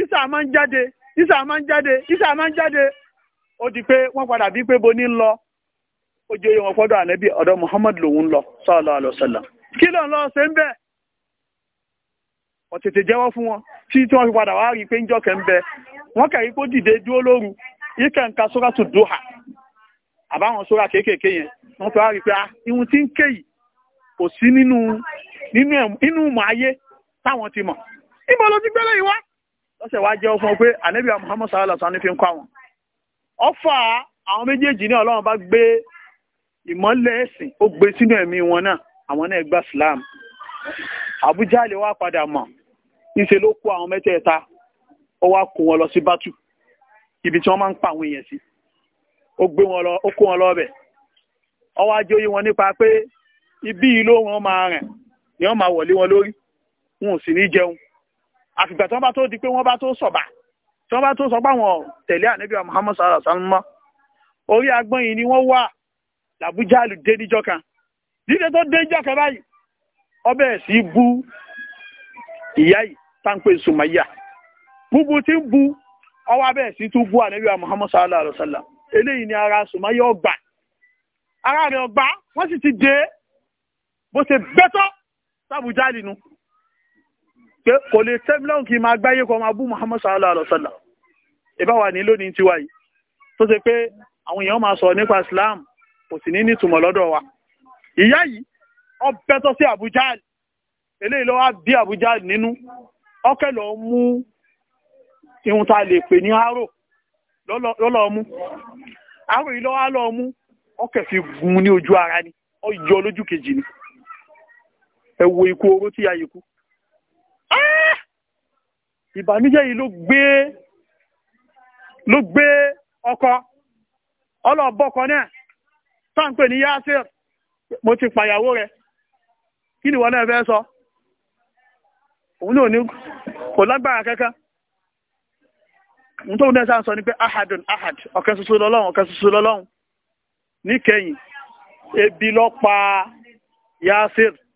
isa máa ń jáde isa máa ń jáde isa máa ń jáde ó di pé wọ́n padà bí pé bo ní ń lọ ó oyè wọn fọ́dọ̀ ànábì ọ̀dọ́ Muhammad lòun lọ sallallahu alaihi kí ló ń lọ ṣe ń bẹ̀ wọ́n jẹ́wọ́ fún wọn tí wọ́n fi padà wá rí i pé ń jọ́kẹ́ ń bẹ wọ́n kẹ̀rí dìde dúró lóru dùhà àbáwọn kéékèèké ibo ló ti gbélé yìí wá lọ́sẹ̀ wá jẹ́ ọfún pé ànábì Muhammad sallallahu alaihi wasallam fi ń kọ́ àwọn ọfà àwọn méjèèjì ní ọlọ́run bá gbé ìmọ́lẹ̀ ẹ̀sìn ó gbé sínú ẹ̀mí wọn náà àwọn náà gba Islam Abuja lè wá padà mọ̀ níṣẹ́ ló kó àwọn mẹ́tẹ̀ẹ̀ta ó wá kó wọn lọ sí bátù ibi tí wọ́n máa ń pa àwọn èèyàn sí ó gbé wọn lọ ó kó wọn lọ́ọ̀bẹ̀ ó wá jẹ́ wọn nípa pé ibí yìí wọn máa rìn ni wọ́n máa wọlé wọn lórí wọn ò sì ní jẹun àfìgbà tí wọ́n bá tó di pé wọ́n bá tó sọ̀bà tí wọ́n bá tó sọ pé àwọn tẹ̀lé ànábì Muhammad sallallahu alaihi wasallam mọ́ orí agbọ́n yìí ni wọ́n wà làbújá lù dé níjọ́ kan dídé tó dé níjọ́ kan báyìí ọbẹ̀ sí bú ìyá yìí táǹpé Sumayya búbu tí ń bu ọwọ́ abẹ́ sí tún bú ànábì Muhammad sallallahu alaihi wasallam eléyìí ni ara Sumayya ọgbà ara rẹ̀ ọgbà wọ́n sì ti dé bó ṣe bẹ́tọ́ sábùjá lì nu pé kò lè tẹ́mi lọ́rùn kí máa gbáyé kọ́ máa bú muhammad sallallahu alaihi wa sallam ìbá wà ní lónìí tiwa yìí tó ṣe pé àwọn èèyàn máa sọ nípa islam kò sì ní nítumọ̀ lọ́dọ̀ wa ìyá yìí ó bẹ́tọ́ sí Abu Jahl eléyìí ló wá bí Abu Jahl nínú ọkẹ́ lọ mú ihun ta lè pè ní arò lọ́lọ́ mú arò yìí lọ́wọ́ lọ́ mú ọkẹ́ fi gun ní ojú ara ni ó yọ lójú kejì ni ẹ wo ikú oró tí a yìí kú Ah! ìbànújẹ́ yìí ló gbé ló gbé ọkọ ọlọ́ọ̀bọ́kọ náà táǹpẹ̀ ní Yásir mo ti pàyàwó rẹ̀ kí ni wọ́n náà fẹ́ sọ òun náà ní kò lágbára kankan nítorí náà sáà sọ ní pé ahadun ahad ọ̀kan ṣoṣo lọ́lọ́run ọ̀kan ṣoṣo lọ́lọ́run níkẹyìn ebi ló pa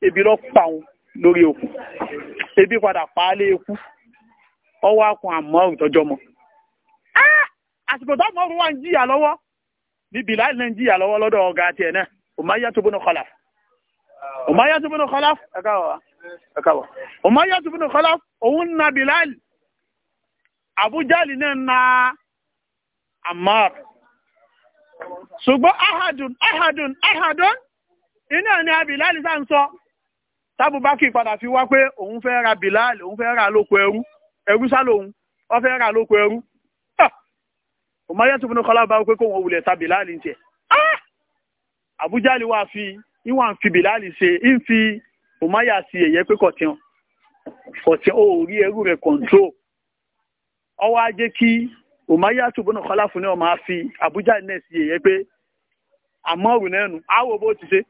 ebi lórí ebi padà pa á ọwọ́ akun àmọ́ òtọ́jọ́ mọ́ àsìkò tó mọ̀ lọwọ wa ń jìyà lọ́wọ́ ní Bilal náà ń jìyà lọ́wọ́ lọ́dọ̀ ọ̀gá tiẹ̀ náà Umayyah ibn Khalaf Umayyah ibn Khalaf ẹ̀káwọ̀ na Bilal na Ammar ṣùgbọ́n ahadun ahadun ahadun iná ni abilali sá ń sọ tábùbákì padà fi wá pé òun fẹ́ ra bilal òun fẹ́ ra lóko ẹrú ẹrú sá lòun wọ́n fẹ́ ra lóko ẹrú ọmọdéyàtò fún kọlá bá pé kóun òwúlẹ̀ ta bilal ń tiẹ̀ àbújá ah! lè wá fi ìwọ̀n fi bilal ṣe ń fi ọmọyà sí ẹ̀yẹ pé kọ̀tíọ̀n kọ̀tíọ̀n ó rí ẹrú rẹ̀ kọ̀ǹtró ọwọ́ ajé kí ọmọdéyàtò fún kọlá fún ní ọmọ àfi àbújá náà sí ẹ̀yẹ pé àmọ́ òrùn náà nù áwọ̀ bó ti ṣe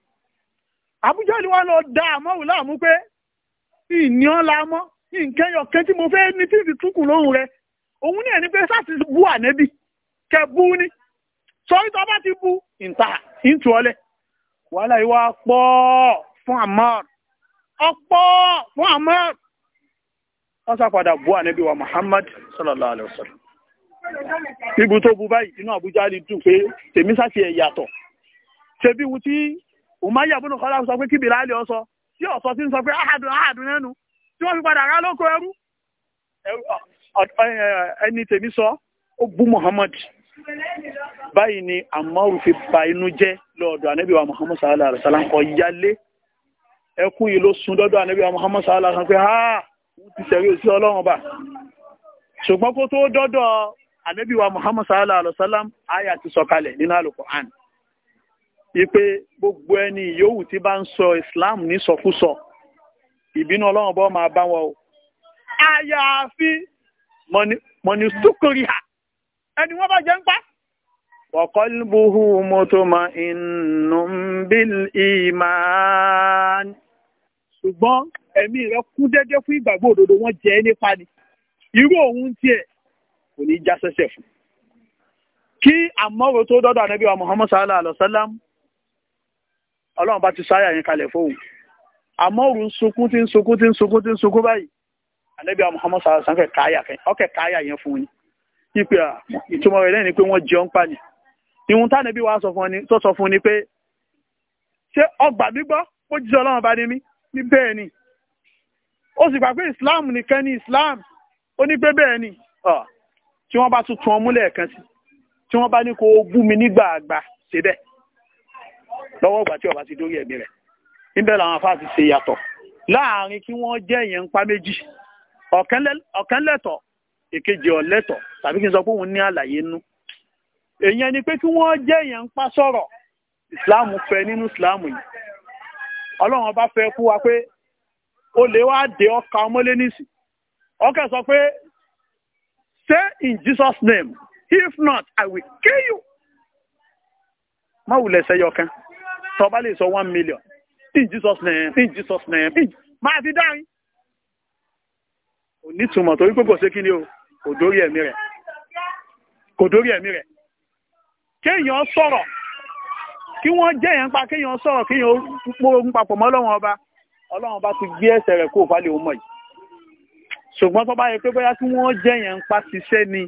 àbújá ni wọ́n lọ da àmọ́wò láàmú pé ìní ọ̀la mọ́ nǹkan yọ̀kan tí mo fẹ́ ní tí ìtúkù lóhùn rẹ òun ní ẹni pé sáàtì bú ànẹ́bì kẹ bú ni sọrí tó bá ti bú ìta ìtù ọlẹ wàhálà ìwà pọ̀ fún amọ́r ọ̀pọ̀ fún amọ́r wọ́n sá padà bú ànẹ́bì wa Muhammad sallallahu alayhi wa sallam ibu tó bu báyìí inú àbújá ni dùn pé tèmi sáti ẹ̀ yàtọ̀ ṣebí wu tí umayya bùnú kọ́lá sọ pé kí bilali ọ sọ tí ọ̀sọ́ sí ń sọ pé ahadùn ahadùn lẹ́nu tí wọ́n fi padà rá lóko ẹrú ẹni tèmi sọ ó bú muhammad báyìí ni amaru fi ba inú jẹ́ lọ́dọ̀ anabi wa muhammad sallallahu alaihi wa sallam kọ yálé ẹkún yìí ló sun dọ́dọ̀ anabi wa muhammad sallallahu alaihi wa sallam pé ha wọ́n ti sẹ̀rí òsì ọlọ́run ọba ṣùgbọ́n kó tó dọ́dọ̀ anabi wa muhammad sallallahu alaihi wa sallam aya ti sọ̀kalẹ̀ nínú alukur'an wípé gbogbo ẹni yòówù tí bá ń sọ Islam ní sọkúsọ ìbínú ọlọ́run bọ́ máa bá wọn o àyàfi mọ̀nì sukuri ha ẹni wọ́n bá jẹ́ ń pa. Ọ̀kọ́lùbùhù mọ́tòmá inú bíl Ṣùgbọ́n ẹ̀mí rẹ̀ kún déédéé fún ìgbàgbọ́ òdodo wọn jẹ́ nípa ni. Irú òun tiẹ̀ kò ní já sẹ́sẹ̀ fún. Kí àmọ́rò tó dọ́dọ̀ ànábì wa Muhammad sallallahu alaihi wa sallam ọlọ́run bá ti sáyà yín kalẹ̀ fóun àmọ́ òru ń sunkún tí ń sunkún tí ń sunkún tí ń sunkún báyìí ànábì Muhammad sàrà sàn kẹ̀ káyà kẹ̀ ọkẹ̀ káyà yẹn fún yín ipe à ah, ìtumọ̀ rẹ̀ lẹ́yìn ni pé wọ́n jẹun pa ìhun tá ànábì wa sọ fún ni pé ṣé ọgbà mi gbọ́ ó jíṣẹ́ ọlọ́run bá ní mí ní bẹ́ẹ̀ ni ó sì gbà pé Islam nìkan ni Islam ó ní pé bẹ́ẹ̀ ni ah, tí wọ́n bá tún tún ọmúlẹ̀ kan sí tí wọ́n bá ní kó bú mi nígbà àgbà ṣe bẹ́ẹ̀ lọ́wọ́ ìgbà tí ọba ti dórí ẹ̀mí rẹ̀ níbẹ̀ làwọn afá ti ṣe yàtọ̀ láàrin kí wọ́n jẹ́ èèyàn ń pa méjì ọ̀kan lẹ́tọ̀ èkejì ọ̀lẹ́tọ̀ tàbí kí n sọ pé òun ní àlàyé nú èèyàn ni pé kí wọ́n jẹ́ èèyàn ń pa sọ̀rọ̀ ìsìláàmù fẹ́ nínú ìsìláàmù yìí ọlọ́run ọba fẹ́ fún wa pé o lè wá dé ọkà ọmọlé nísì ọkẹ́ sọ pé say in Jesus name if not I will kill you má wulẹ̀ sẹ́yọ kan tó bá lè sọ one million in Jesus name in Jesus name in máa ti dáhùn onítùmọ̀ torí pé kò sí kí ni o kò dórí ẹ̀mí rẹ̀ kò dórí ẹ̀mí rẹ̀ kéèyàn sọ̀rọ̀ kí wọ́n jẹ́ yẹn pa kéèyàn sọ̀rọ̀ kéèyàn pòrògùn papọ̀ mọ́ ọlọ́run ọba ọlọ́run ọba ti gbé ẹsẹ̀ rẹ̀ kó o falẹ̀ òun mọ̀ yìí ṣùgbọ́n tó bá yẹ pé bóyá kí wọ́n jẹ́ yẹn pa ṣiṣẹ́ ni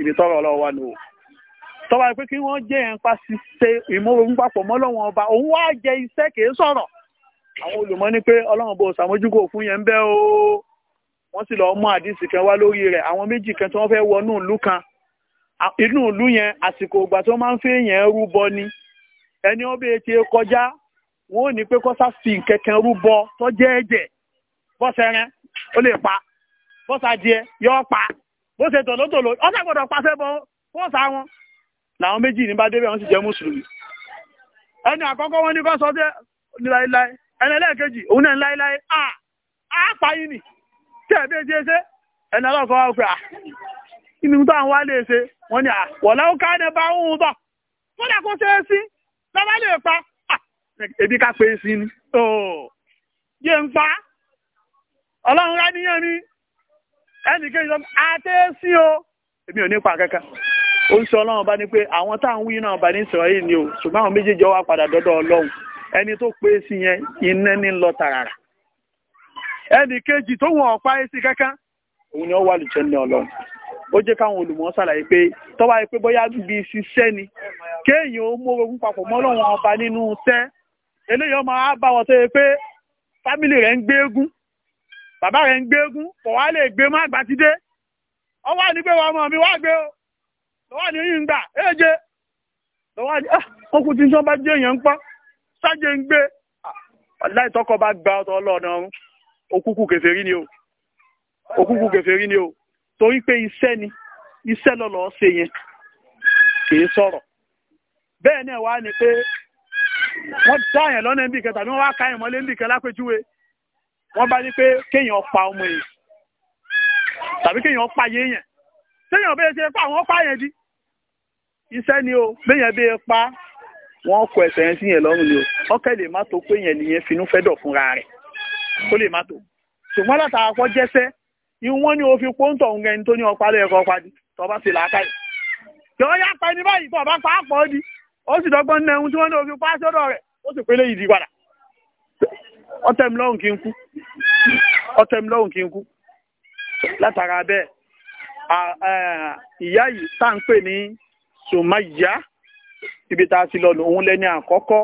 ìbítọ́rọ̀ ọlọ́run wa ni tọ́wá pé kí wọ́n jẹ́ ẹ̀ ń pa ṣiṣẹ́ ìmúrogún papọ̀ mọ́ lọ́wọ́n ọba òun wá jẹ iṣẹ́ kìí sọ̀rọ̀ àwọn olùmọ̀ ní pé ọlọ́run bò ṣàmójúkò fún yẹn ń bẹ́ o wọ́n sì lọ́ọ́ mú àdìsí kan wá lórí rẹ̀ àwọn méjì kan tí wọ́n fẹ́ wọnú ìlú kan inú ìlú yẹn àsìkò ìgbà tí wọ́n máa ń fẹ́ yẹn rúbọ ni ẹni ó bèè ti kọjá wọn ò ní pé kọ́sá fi kẹ̀kẹ́ rúbọ tó jẹ́ ẹ̀jẹ̀ bọ́sẹ̀rẹ́ ó lè pa bọ́sà díẹ̀ yọ pa bó ṣe tòlótòló ọ̀sẹ̀ gbọ́dọ̀ pàṣẹ bọ́ fọ́ọ̀sà wọn làwọn méjì ní bá débẹ̀ wọ́n sì jẹ́ mùsùlùmí ẹni àkọ́kọ́ wọn ní kọ́ sọ pé láíláí ẹni ẹlẹ́ẹ̀kejì òun náà láíláí àápáyín nì tí ẹ̀ bẹ́ẹ̀ ṣe ṣe ẹni alákọ̀ọ́ wa pé à inú tó àwọn wá lè ṣe wọ́n ní à wọ̀lá ó ká ẹni bá òun bọ̀ kódà kó ṣe é sí lọ́ba lè pa ebi ká pé sí ni yé ń pa ọlọ́run rá níyàn ni ẹnì kejì àtẹ́sí o èmi ò ní pa kankan. ó ń sọ ọlọ́run bá ní pé àwọn táwọn wí náà bá ní sọ̀rọ̀ yìí ni o ṣùgbọ́n àwọn méjèèjì wá padà dọ́dọ̀ ọlọ́run ẹni tó pé sí yẹn iná ní lọ tààrà ẹnì kejì tó wọn ọ̀pá ẹ̀ sí kankan òun ni ó wà lùjẹ́ ní ọlọ́run ó jẹ́ káwọn olùmọ̀ ṣàlàyé pé tọ́wá yẹ pé bóyá bí ṣiṣẹ́ ni kéèyàn ó mú ogun papọ̀ mọ́ lọ́wọ́n ọba nínú tẹ́ eléyìí ọmọ á bá wọn tó yẹ pé fámìlì rẹ̀ ń gbé lọ́wọ́ ni yín ń gbà éje lọ́wọ́ ni ọkùnrin ah, tí wọ́n bá jẹ́ èèyàn ń pọ́ sáje ń gbé aláìtọ́kọ̀ bá gba ọ̀tọ̀ ọlọ́ọ̀nà ọ̀run òkúkú kèfèrí ni o òkúkú kèfèrí ni o torí pé iṣẹ́ ni iṣẹ́ lọ́lọ́ ṣe yẹn kìí sọ̀rọ̀ bẹ́ẹ̀ náà wá ni pé wọ́n dá àyàn lọ́nà níbi ìkẹta ni wọ́n wá ká àyàn mọ́lé níbi ìkẹta lápẹjúwe wọ́n bá ní pé kéèyàn pa ọmọ èèyàn tàbí kéèyàn pa yéèyàn téèyàn bẹ́ẹ̀ ṣe pa àwọn pa yẹn di iṣẹ́ ni o béèyàn bí pa wọ́n kọ ẹ̀sẹ̀ yẹn sí yẹn lọ́rùn ni o ọkẹ́ lè má tó pé yẹn nìyẹn finú fẹ́ dọ̀ fúnra rẹ̀ ó lè má tó ṣùgbọ́n látara kọ́ jẹ́sẹ́ ìwọ́n ni o fi pọ́ńtọ̀ ń gẹni tó ní ọpa lẹ́ẹ̀kọ́ padì tó bá ti làákàyè tí ó yá pa ẹni báyìí tó bá pa á pọ̀ di ó sì dọ́gbọ́n ní tí wọ́n ní o fi pa á rẹ̀ ó sì pélé yìí di padà Sumayya ibi tá a ti lọ lò òun lẹ́ni àkọ́kọ́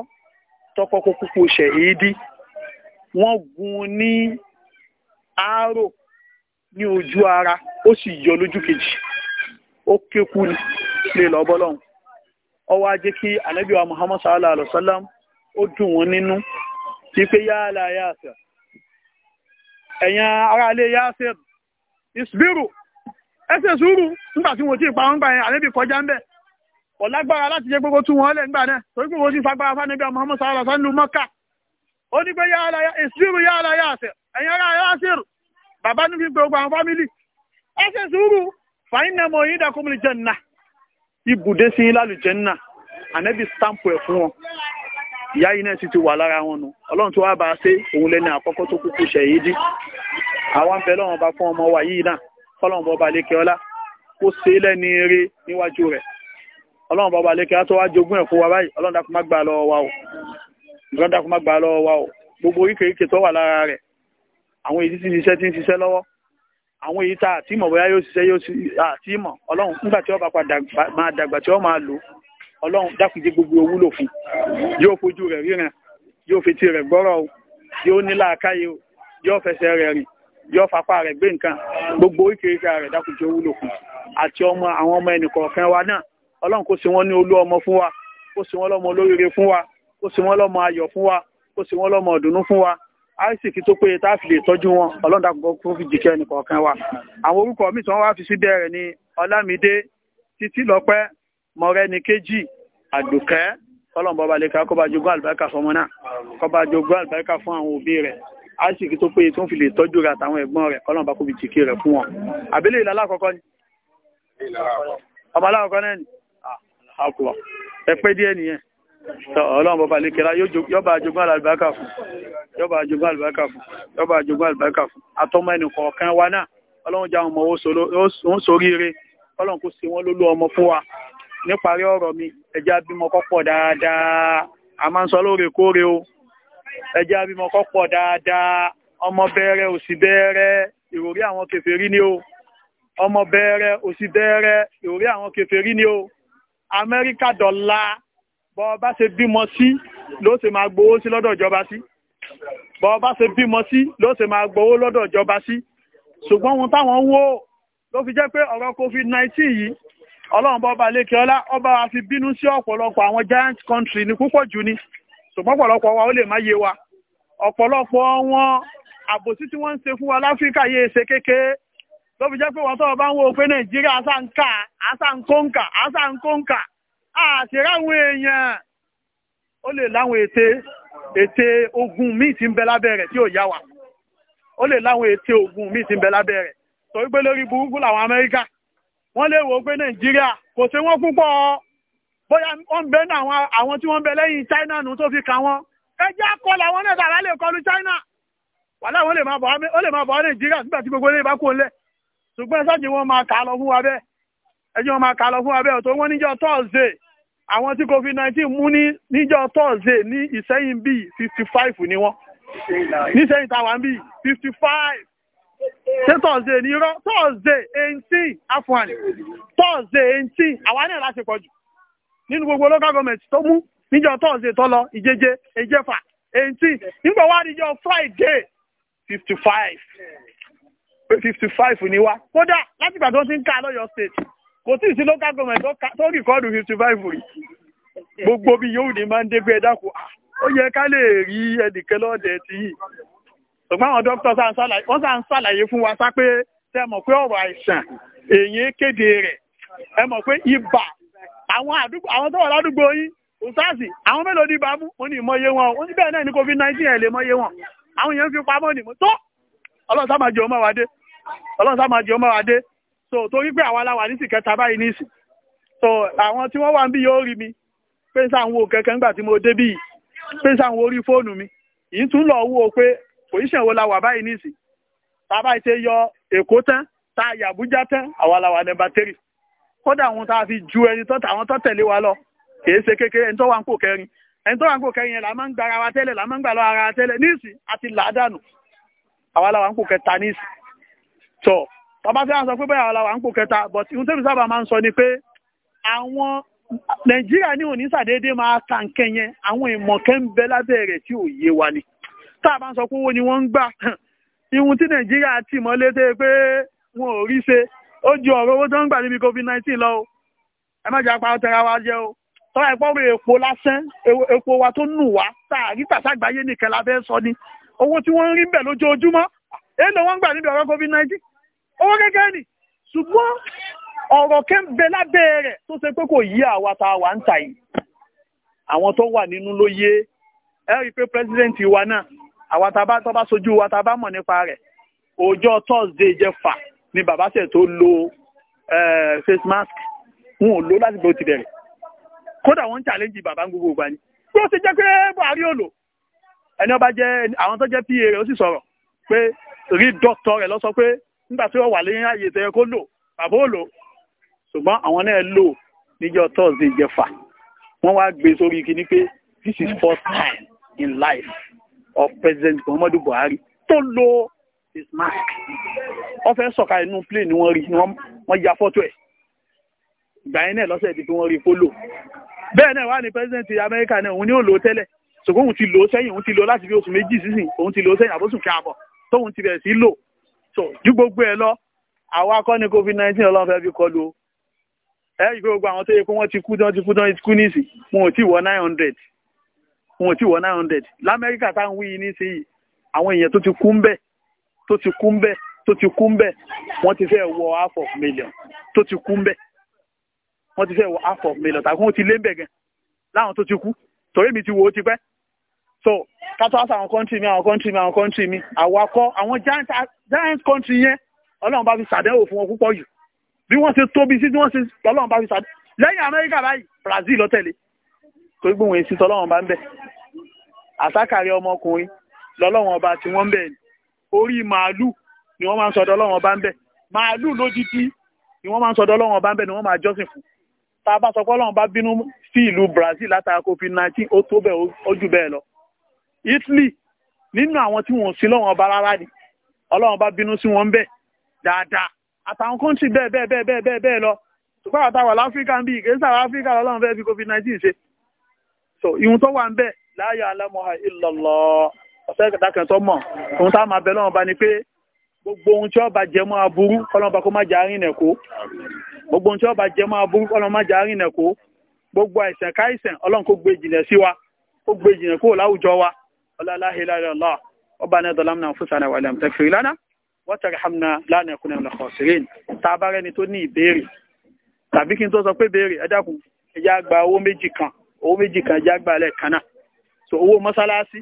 tọ́kọ́ kó kúkú ṣẹ̀hídì wọ́n gún ní àárò ní ojú ara ó sì yọ lójú kejì ó kékú ni lè lọ bọ́lọ́hún ó wá kí ànábì Muhammad sallallahu alaihi wa sallam ó dùn wọ́n nínú ti pé yálà yáàsẹ̀ ẹ̀yàn aráalé yáàsẹ̀ ìsbírù ẹsẹ̀ sùúrù nígbà tí wọ́n ti pa wọ́n gbà yẹn ànábì kọjá ń bẹ̀ kò lágbára láti jẹ́ gbogbo tún wọn lẹ̀ nígbà náà torí pé wọ́n ti fagbára fáni bí ọmọ ọmọ sàrọ̀ sàn lu mọ́kà ó ní pé yàrá ìṣirò yàrá yàṣẹ ẹ̀yìn ara yàṣẹrù bàbá ní fi gbogbo àwọn fámìlì ẹ ṣe sùúrù fàyínà mọ yín dàkúmìlì jẹ̀nà ibùdé sí ilá lù jẹ̀nà ànẹ́bí stampo ẹ̀ fún wọn ìyá yìí náà sì ti wà lára wọn nu ọlọ́run tó wá bá a ṣe òun lẹ́ni àkọ́kọ́ tó kúkú ṣẹ̀yìn dí àwọn bẹ̀ lọ́wọ́n bá fún ọmọ wa yìí náà fọlọ́run bọ́ balẹ̀ kẹ́ ọlá kó ṣe lẹ́ni eré níwájú rẹ̀ ọlọ́run bọba lékẹ́ á tó wá jogún ẹ̀ fún wa báyìí ọlọ́run dákun má gbà lọ́wọ́ wa o ọlọ́run dákun má gbà lọ́wọ́ wa o gbogbo oríkèéríkè tó wà lára rẹ̀ àwọn èyí tí ń ṣiṣẹ́ tí ń ṣiṣẹ́ lọ́wọ́ àwọn èyí tá àti ìmọ̀ bóyá yóò ṣiṣẹ́ yóò àti ìmọ̀ ọlọ́run nígbà tí ó bá padà máa dàgbà tí ó máa lò ọlọ́run dákun jẹ́ gbogbo owúlò fún yóò fojú rẹ̀ ríran yóò fetí rẹ̀ gbọ́rọ̀ o yóò ní làákàyè o yóò fẹsẹ̀ rẹ̀ rìn yóò fapá rẹ̀ gbé nǹkan gbogbo oríkèéríkè rẹ̀ dákun jẹ́ owúlò fún àti ọmọ àwọn ọmọ ẹnìkọ̀ọ̀kan wa náà ọlọ́run kó sì wọ́n ní olú ọmọ fún wa kó sì wọ́n lọ́mọ olóríire fún wa kó sì wọ́n lọ́mọ ayọ̀ fún wa kó sì wọ́n lọ́mọ ọ̀dùnnú fún wa àìsíkì tó péye tá a fi lè tọ́jú wọn ọlọ́run dàgbọ́ kó fi jìkẹ́ ẹnìkọ̀ọ̀kan wa àwọn orúkọ míì tí wọ́n wá fi sí bẹ́ẹ̀rẹ̀ ni ọlámídé títí lọ́pẹ́ mọ̀rẹ́ni kejì àdùkẹ́ ọlọ́run bọ́ba lè ká kó bá jogún àlùbáríkà fọmọ náà kó bá jogún àlùbáríkà fún àwọn òbí rẹ̀ àìsíkì tó péye tó fi lè tọ́jú rẹ̀ àtàwọn ẹ̀gbọ́n rẹ̀ ọlọ́run bá kó fi jìkẹ́ rẹ̀ fún wọn àbílẹ̀ ìlà alákọ̀ọ́kọ́ ni ọmọ alákọ̀ọ́kọ́ náà ni àkùwà ẹ̀pẹ́ díẹ̀ nìyẹn ọlọ́run bọ́bá lè kẹ́lá yọba àjogún àlùbáríkà fún yọba àjogún àlùbáríkà fún yọba àjogún àlùbáríkà fún atọ́mọ ẹnì kọ̀ọ̀kan wa náà ọlọ́run já ọmọ òun soríire ọlọ́run kò sí wọn lólú ọmọ fún wa níparí ọ̀rọ̀ mi ẹjẹ́ abímọ kọ́pọ̀ dáadáa a máa ń sọ lóòrèkóòrè o ẹjẹ́ abímọ kọ́pọ̀ dáadáa ọmọ bẹ́ẹ̀rẹ̀ òsì bẹ́ẹ̀rẹ̀ ìròrí àwọn kèfèrí ni o ọmọ bẹ́ẹ̀rẹ̀ òsì bẹ́ẹ̀rẹ̀ ìròrí àwọn kèfèrí ni o amẹ́ríkà dọ́là bọ́ ọba ṣe bímọ sí ló ṣe máa gbowó sí lọ́dọ̀ ìjọba sí bọ́ ọba ṣe bímọ sí ló ṣe máa gbowó lọ́dọ̀ ìjọba sí ṣùgbọ́n ohun táwọn wó ló fi jẹ́ pé ọ̀rọ̀ covid-19 yìí ọlọ́run bọ́ ọba lékè ọlá ọba wa fi bínú sí ọ̀pọ̀lọpọ̀ àwọn giant country ní púpọ̀ jù ni ṣùgbọ́n ọ̀pọ̀lọpọ̀ wa ó lè má yé wa ọ̀pọ̀lọpọ̀ wọn àbòsí tí wọ́n ń ṣe fún wa láfíríkà yéé ṣe kékeré ló fi jẹ́ pé wọ́n sọ̀rọ̀ bá ń wo pé nàìjíríà àṣàǹkà àṣàǹkóǹkà àṣàǹkóǹkà àṣìráwọn èèyàn ó lè láwọn ète ogun míì ti ń bẹ lábẹ́ tí ò yá wa ó lè láwọn ète ogun míì ti ń bẹ lábẹ́ rẹ̀ torí pé lórí burúkú làwọn amẹ́ríkà wọ́n lè wò ó nàìjíríà kò sí wọ́n púpọ̀ bóyá wọ́n china nù tó fi kà wọ́n náà tàbá lè kọlu china wàhálà wọn lè máa bọ̀ nàìjíríà nígbà tí gbogbo lẹ̀ ṣùgbọ́n ṣáàjì wọn máa kà lọ fún wa bẹ́ẹ̀ ẹjọ́ wọn máa kà lọ fún wa bẹ́ẹ̀ tó wọ́n níjọ́ Thursday àwọn tí COVID-19 mú ní níjọ́ Thursday ní Ìṣẹ́yìn bíi fifty five ni wọ́n níṣẹ́yìn táwọn bíi fifty five ṣé Thursday ní irọ́ Thursday eighteen afuani Thursday eighteen àwa náà láti pọ̀ jù nínú gbogbo local government tó mú níjọ́ Thursday tó lọ ìjẹjẹ ìjẹfà eighteen nígbà wá níjọ́ Friday fifty five pé fifty five ni wá kódà láti ìgbà tó ti ń ká lọ́yọ̀ state kò tí ì sí local government tó rìkọ́ọ̀dù fifty five rí gbogbo bí yóò ní máa ń dé pé ẹ dákun ah, ó yẹ ká lè rí ẹnìkan lọ́dẹ̀ tí yìí ṣùgbọ́n àwọn dókítà wọ́n sá ń ṣàlàyé fún wa sá pé ṣe mọ̀ pé ọ̀rọ̀ àìsàn èyí kéde rẹ̀ ẹ mọ̀ pé ibà àwọn àdúgbò àwọn tó wà ládùúgbò yín òṣàṣì àwọn mélòó ní ibà mú ní ìmọ̀ye wọn wọn ní bẹ́ẹ̀ náà ní covid nineteen ẹ̀ lè mọ̀ye wọn àwọn èèyàn fi pamọ́ nìmọ̀ tó ọlọ́run sáà máa jẹun máa wá dé ọlọ́run sáà jẹun máa wá dé so torí pé àwa la wà ní sìkẹta báyìí ní sìn so àwọn tí wọ́n wà ń bí yóò rí mi pé ń sáà ń wo kẹ̀kẹ́ ńgbà tí mo dé bí pé ń sáà ń wo orí fóònù mi yìí tún lọ wò ó pé pòyíṣàn wo la wà báyìí ní sìn bàbá ìṣe yọ èkó tán tá a yà àbújá tán àwa la wà nẹ́mbà tẹ́rì kódà àwọn tá a fi ju ẹni tọ́ta àwọn tó tẹ̀lé wa lọ kìí ṣe kékeré ẹni tó wà ń pò kẹrin ẹni tó wà ń pò kẹrin yẹn là máa ń gba ara wa tẹ́lẹ̀ là máa ń gbà lọ ara wa tẹ́lẹ̀ ní ìsìn àti làádànù àwa làwa ń pò kẹta ní ìsìn tọ̀ bàbá tí wọ́n sọ pé bẹ́ẹ̀ àwa làwa ń kẹta but ohun tẹ́mi sábà máa ń sọ ni pé àwọn nàìjíríà ní òní sàdédé máa ta nǹkan àwọn ìmọ̀kẹ́ ń bẹ lábẹ́ rẹ̀ tí ò yé wa ni tá a bá ń sọ pé owó ni wọ́n ń gbà ihun tí nàìjíríà ti mọ́ létí pé wọn ò rí ṣe ó ju ọ̀rọ̀ owó tó ń gbà níbi covid-19 lọ o ẹ má jẹ́ apá ọ̀tẹ̀ra wa jẹ́ o tọ́lá ìpọ́nrọ̀ epo lásán epo wa tó nù wá tá a rí tàṣàgbáyé nìkan lábẹ́ sọ ni owó tí wọ́n ń rí bẹ̀ lójoojúmọ́ èèlò wọ́n ń gbà níbi ọ̀rọ̀ covid nineteen owó kékeré ni ṣùgbọ́n ọ̀rọ̀ kẹ́ńbẹ lábẹ́ rẹ̀ tó ṣe pé kò yí àwa tá a wà ń tà yìí àwọn tó wà nínú ló yé ẹ rí i pé pírẹsidẹ́ǹtì wa náà àwa tá a bá tó bá sojú wa tá a bá mọ̀ nípa rẹ̀ ọjọ́ thursday jẹ́fà ni bàbá ṣe tó lo face mask wọn ò lò láti bó ti bẹ̀rẹ̀ kódà wọ́n ń challenge bàbá gbogbo ìgbà ni ti jẹ́ pé buhari ò lò ẹni ọba jẹ́ àwọn tó jẹ́ pa rẹ̀ ó sì sọ̀rọ̀ pé rí dọ́tọ̀ rẹ̀ lọ sọ pé nígbà tí ó wà lẹ́yìn ààyè tẹ́yẹ kó lò bàbá ò lò ṣùgbọ́n àwọn náà lò níjọ́ thursday jẹfà wọ́n wá gbé sórí kí ni pé this is first time in life of president muhammadu buhari tó lo his mask wọ́n fẹ́ sọ̀ka inú plane ni wọ́n rí wọ́n ya fọ́tò ẹ̀ ìgbà yẹn náà lọ́sẹ̀ di pé wọ́n rí fólò bẹ́ẹ̀ náà wà ní president amẹ́ríkà náà òun ni ó lò tẹ́lẹ̀ ṣùgbọ́n òun ti lò ó sẹ́yìn òun ti lò láti bí oṣù méjì sísìn òun ti lò ó sẹ́yìn àbóṣù kan àbọ̀ tóun ti bẹ̀rẹ̀ sí lò so ju gbogbo ẹ lọ àwọn akọni covid nineteen ọlọ́run fẹ́ fi kọlu o ẹ rí i pé gbogbo àwọn tó yẹ pé wọ́n ti kú tán ti kú tán ti kú níìsì wọn ò tí wọ nine hundred wọn ò tí wọ nine hundred lamẹ́ríkà tá à ń wí yìí nísìnyí àwọn èèyàn tó ti kú ń bẹ̀ tó ti kú ń bẹ̀ tó ti kú ń bẹ̀ wọ́n ti fẹ́ wọ half of million tó ti kú ń bẹ̀ wọ́n ti fẹ́ wọ half of million tàbí wọ́n ti lé ń bẹ̀ gan láwọn tó ti kú torí mi ti wo ó ti pẹ́ so kátó àṣà àwọn kọ́ńtì mi àwọn kọ́ńtì mi àwọn kọ́ńtì mi àwakọ́ àwọn giant kọ́ńtì yẹn ọlọ́run bá fi ṣàdẹ́wò fún wọn púpọ̀ jù bí wọ́n ṣe tóbi sí bí wọ́n ṣe ọlọ́run bá fi ṣàdẹ́wò lẹ́yìn amẹ́ríkà báyìí brazil ló tẹ̀lé torí gbóhùn èsì tọ́lọ́run bá ń bẹ̀ àsákàrí ọmọkùnrin lọ́lọ́run ọba tí wọ́n ń bẹ̀ ni orí màálù ni wọ́n máa ń sọdọ́ ọlọ́run ọba ń bẹ̀ màálù lódìdí ni wọ́n máa ń sọdọ́ ọlọ́run ọba ń bẹ̀ ni wọ́n máa jọ́sìn fún tá a bá sọ pé ọlọ́run bá bínú sí ìlú brazil látara covid-19 ó tó bẹ́ẹ̀ ó jù bẹ́ẹ̀ lọ Italy nínú àwọn tí wọ́n sí lọ́wọ́n ọba rárá ni ọlọ́wọ́n bá bínú sí wọn bẹ́ẹ̀ dáadáa àtàwọn lọ ṣùgbọ́n àtàwà láfíríkà ń bí láfíríkà fi COVID-19 ṣe so ìhun tó wà ń tó ni pé gbogbo ohun tí ọba ولا لا إله إلا الله ربنا ظلمنا أنفسنا وإن لم تغفر لنا وترحمنا لنكن من الخاسرين tá bá rẹ́ni tó ní ìbéèrè tàbí kí n tó sọ pé béèrè ẹ dákun gba owó méjì kan owó méjì kan ẹ jẹ́ á so owó mọ́sálásí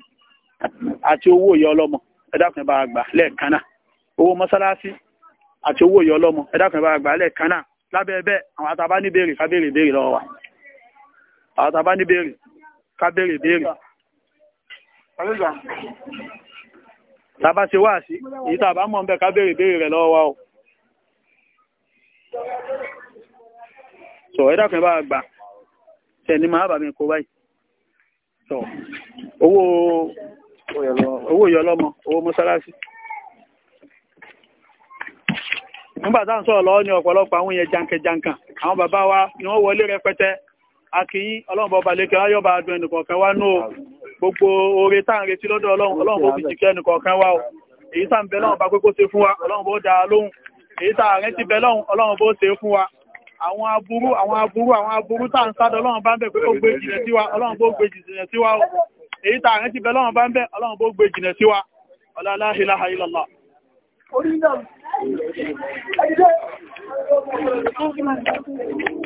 àti owó ìyá ọlọ́mọ ẹ dákun ẹ bá gbà lẹ́ẹ̀kan náà owó mọ́sálásí àti owó ìyá ọlọ́mọ ẹ dákun ẹ bá gbà lẹ́ẹ̀kan náà lábẹ́ bẹ́ẹ̀ àwọn àtàbá ní béèrè ká béèrè béèrè lọ́wọ́ wa àwọn àtàbá ní béèrè ká béèrè béèrè tàbá ṣe wá sí èyí tàbá mọ̀ ń bẹ̀ ká béèrè béèrè rẹ̀ lọ́wọ́ o sọ ẹ́dàkùn bá gbà tẹ̀ ní máa bàmí kó báyìí sọ owó ìyọlọ́mọ owó mọ́sálásí nígbà tá ní ọ̀pọ̀lọpọ̀ àwọn àwọn bàbá wa ni wọ́n wọlé rẹpẹtẹ adùn wá gbogbo oore tá à ń retí lọ́dọ̀ ọlọ́run ọlọ́run ó fi jìkẹ́ ẹnì kọ̀ọ̀kan wá o èyí tá à ń bẹ lọ́run bá pé kó ṣe fún wa ọlọ́run bó dáa lóhùn èyí tá à rántí bẹ lọ́run ọlọ́run bó ṣe fún wa àwọn aburú àwọn aburú àwọn aburú tá à ń sádọ ọlọ́run bá ń bẹ pé kó gbé jìnà sí wa ọlọ́run bó gbé jìnà sí wa o èyí tá à rántí bẹ lọ́run bá ń bẹ ọlọ́run bó gbé jìnà sí wa ọlọ́lá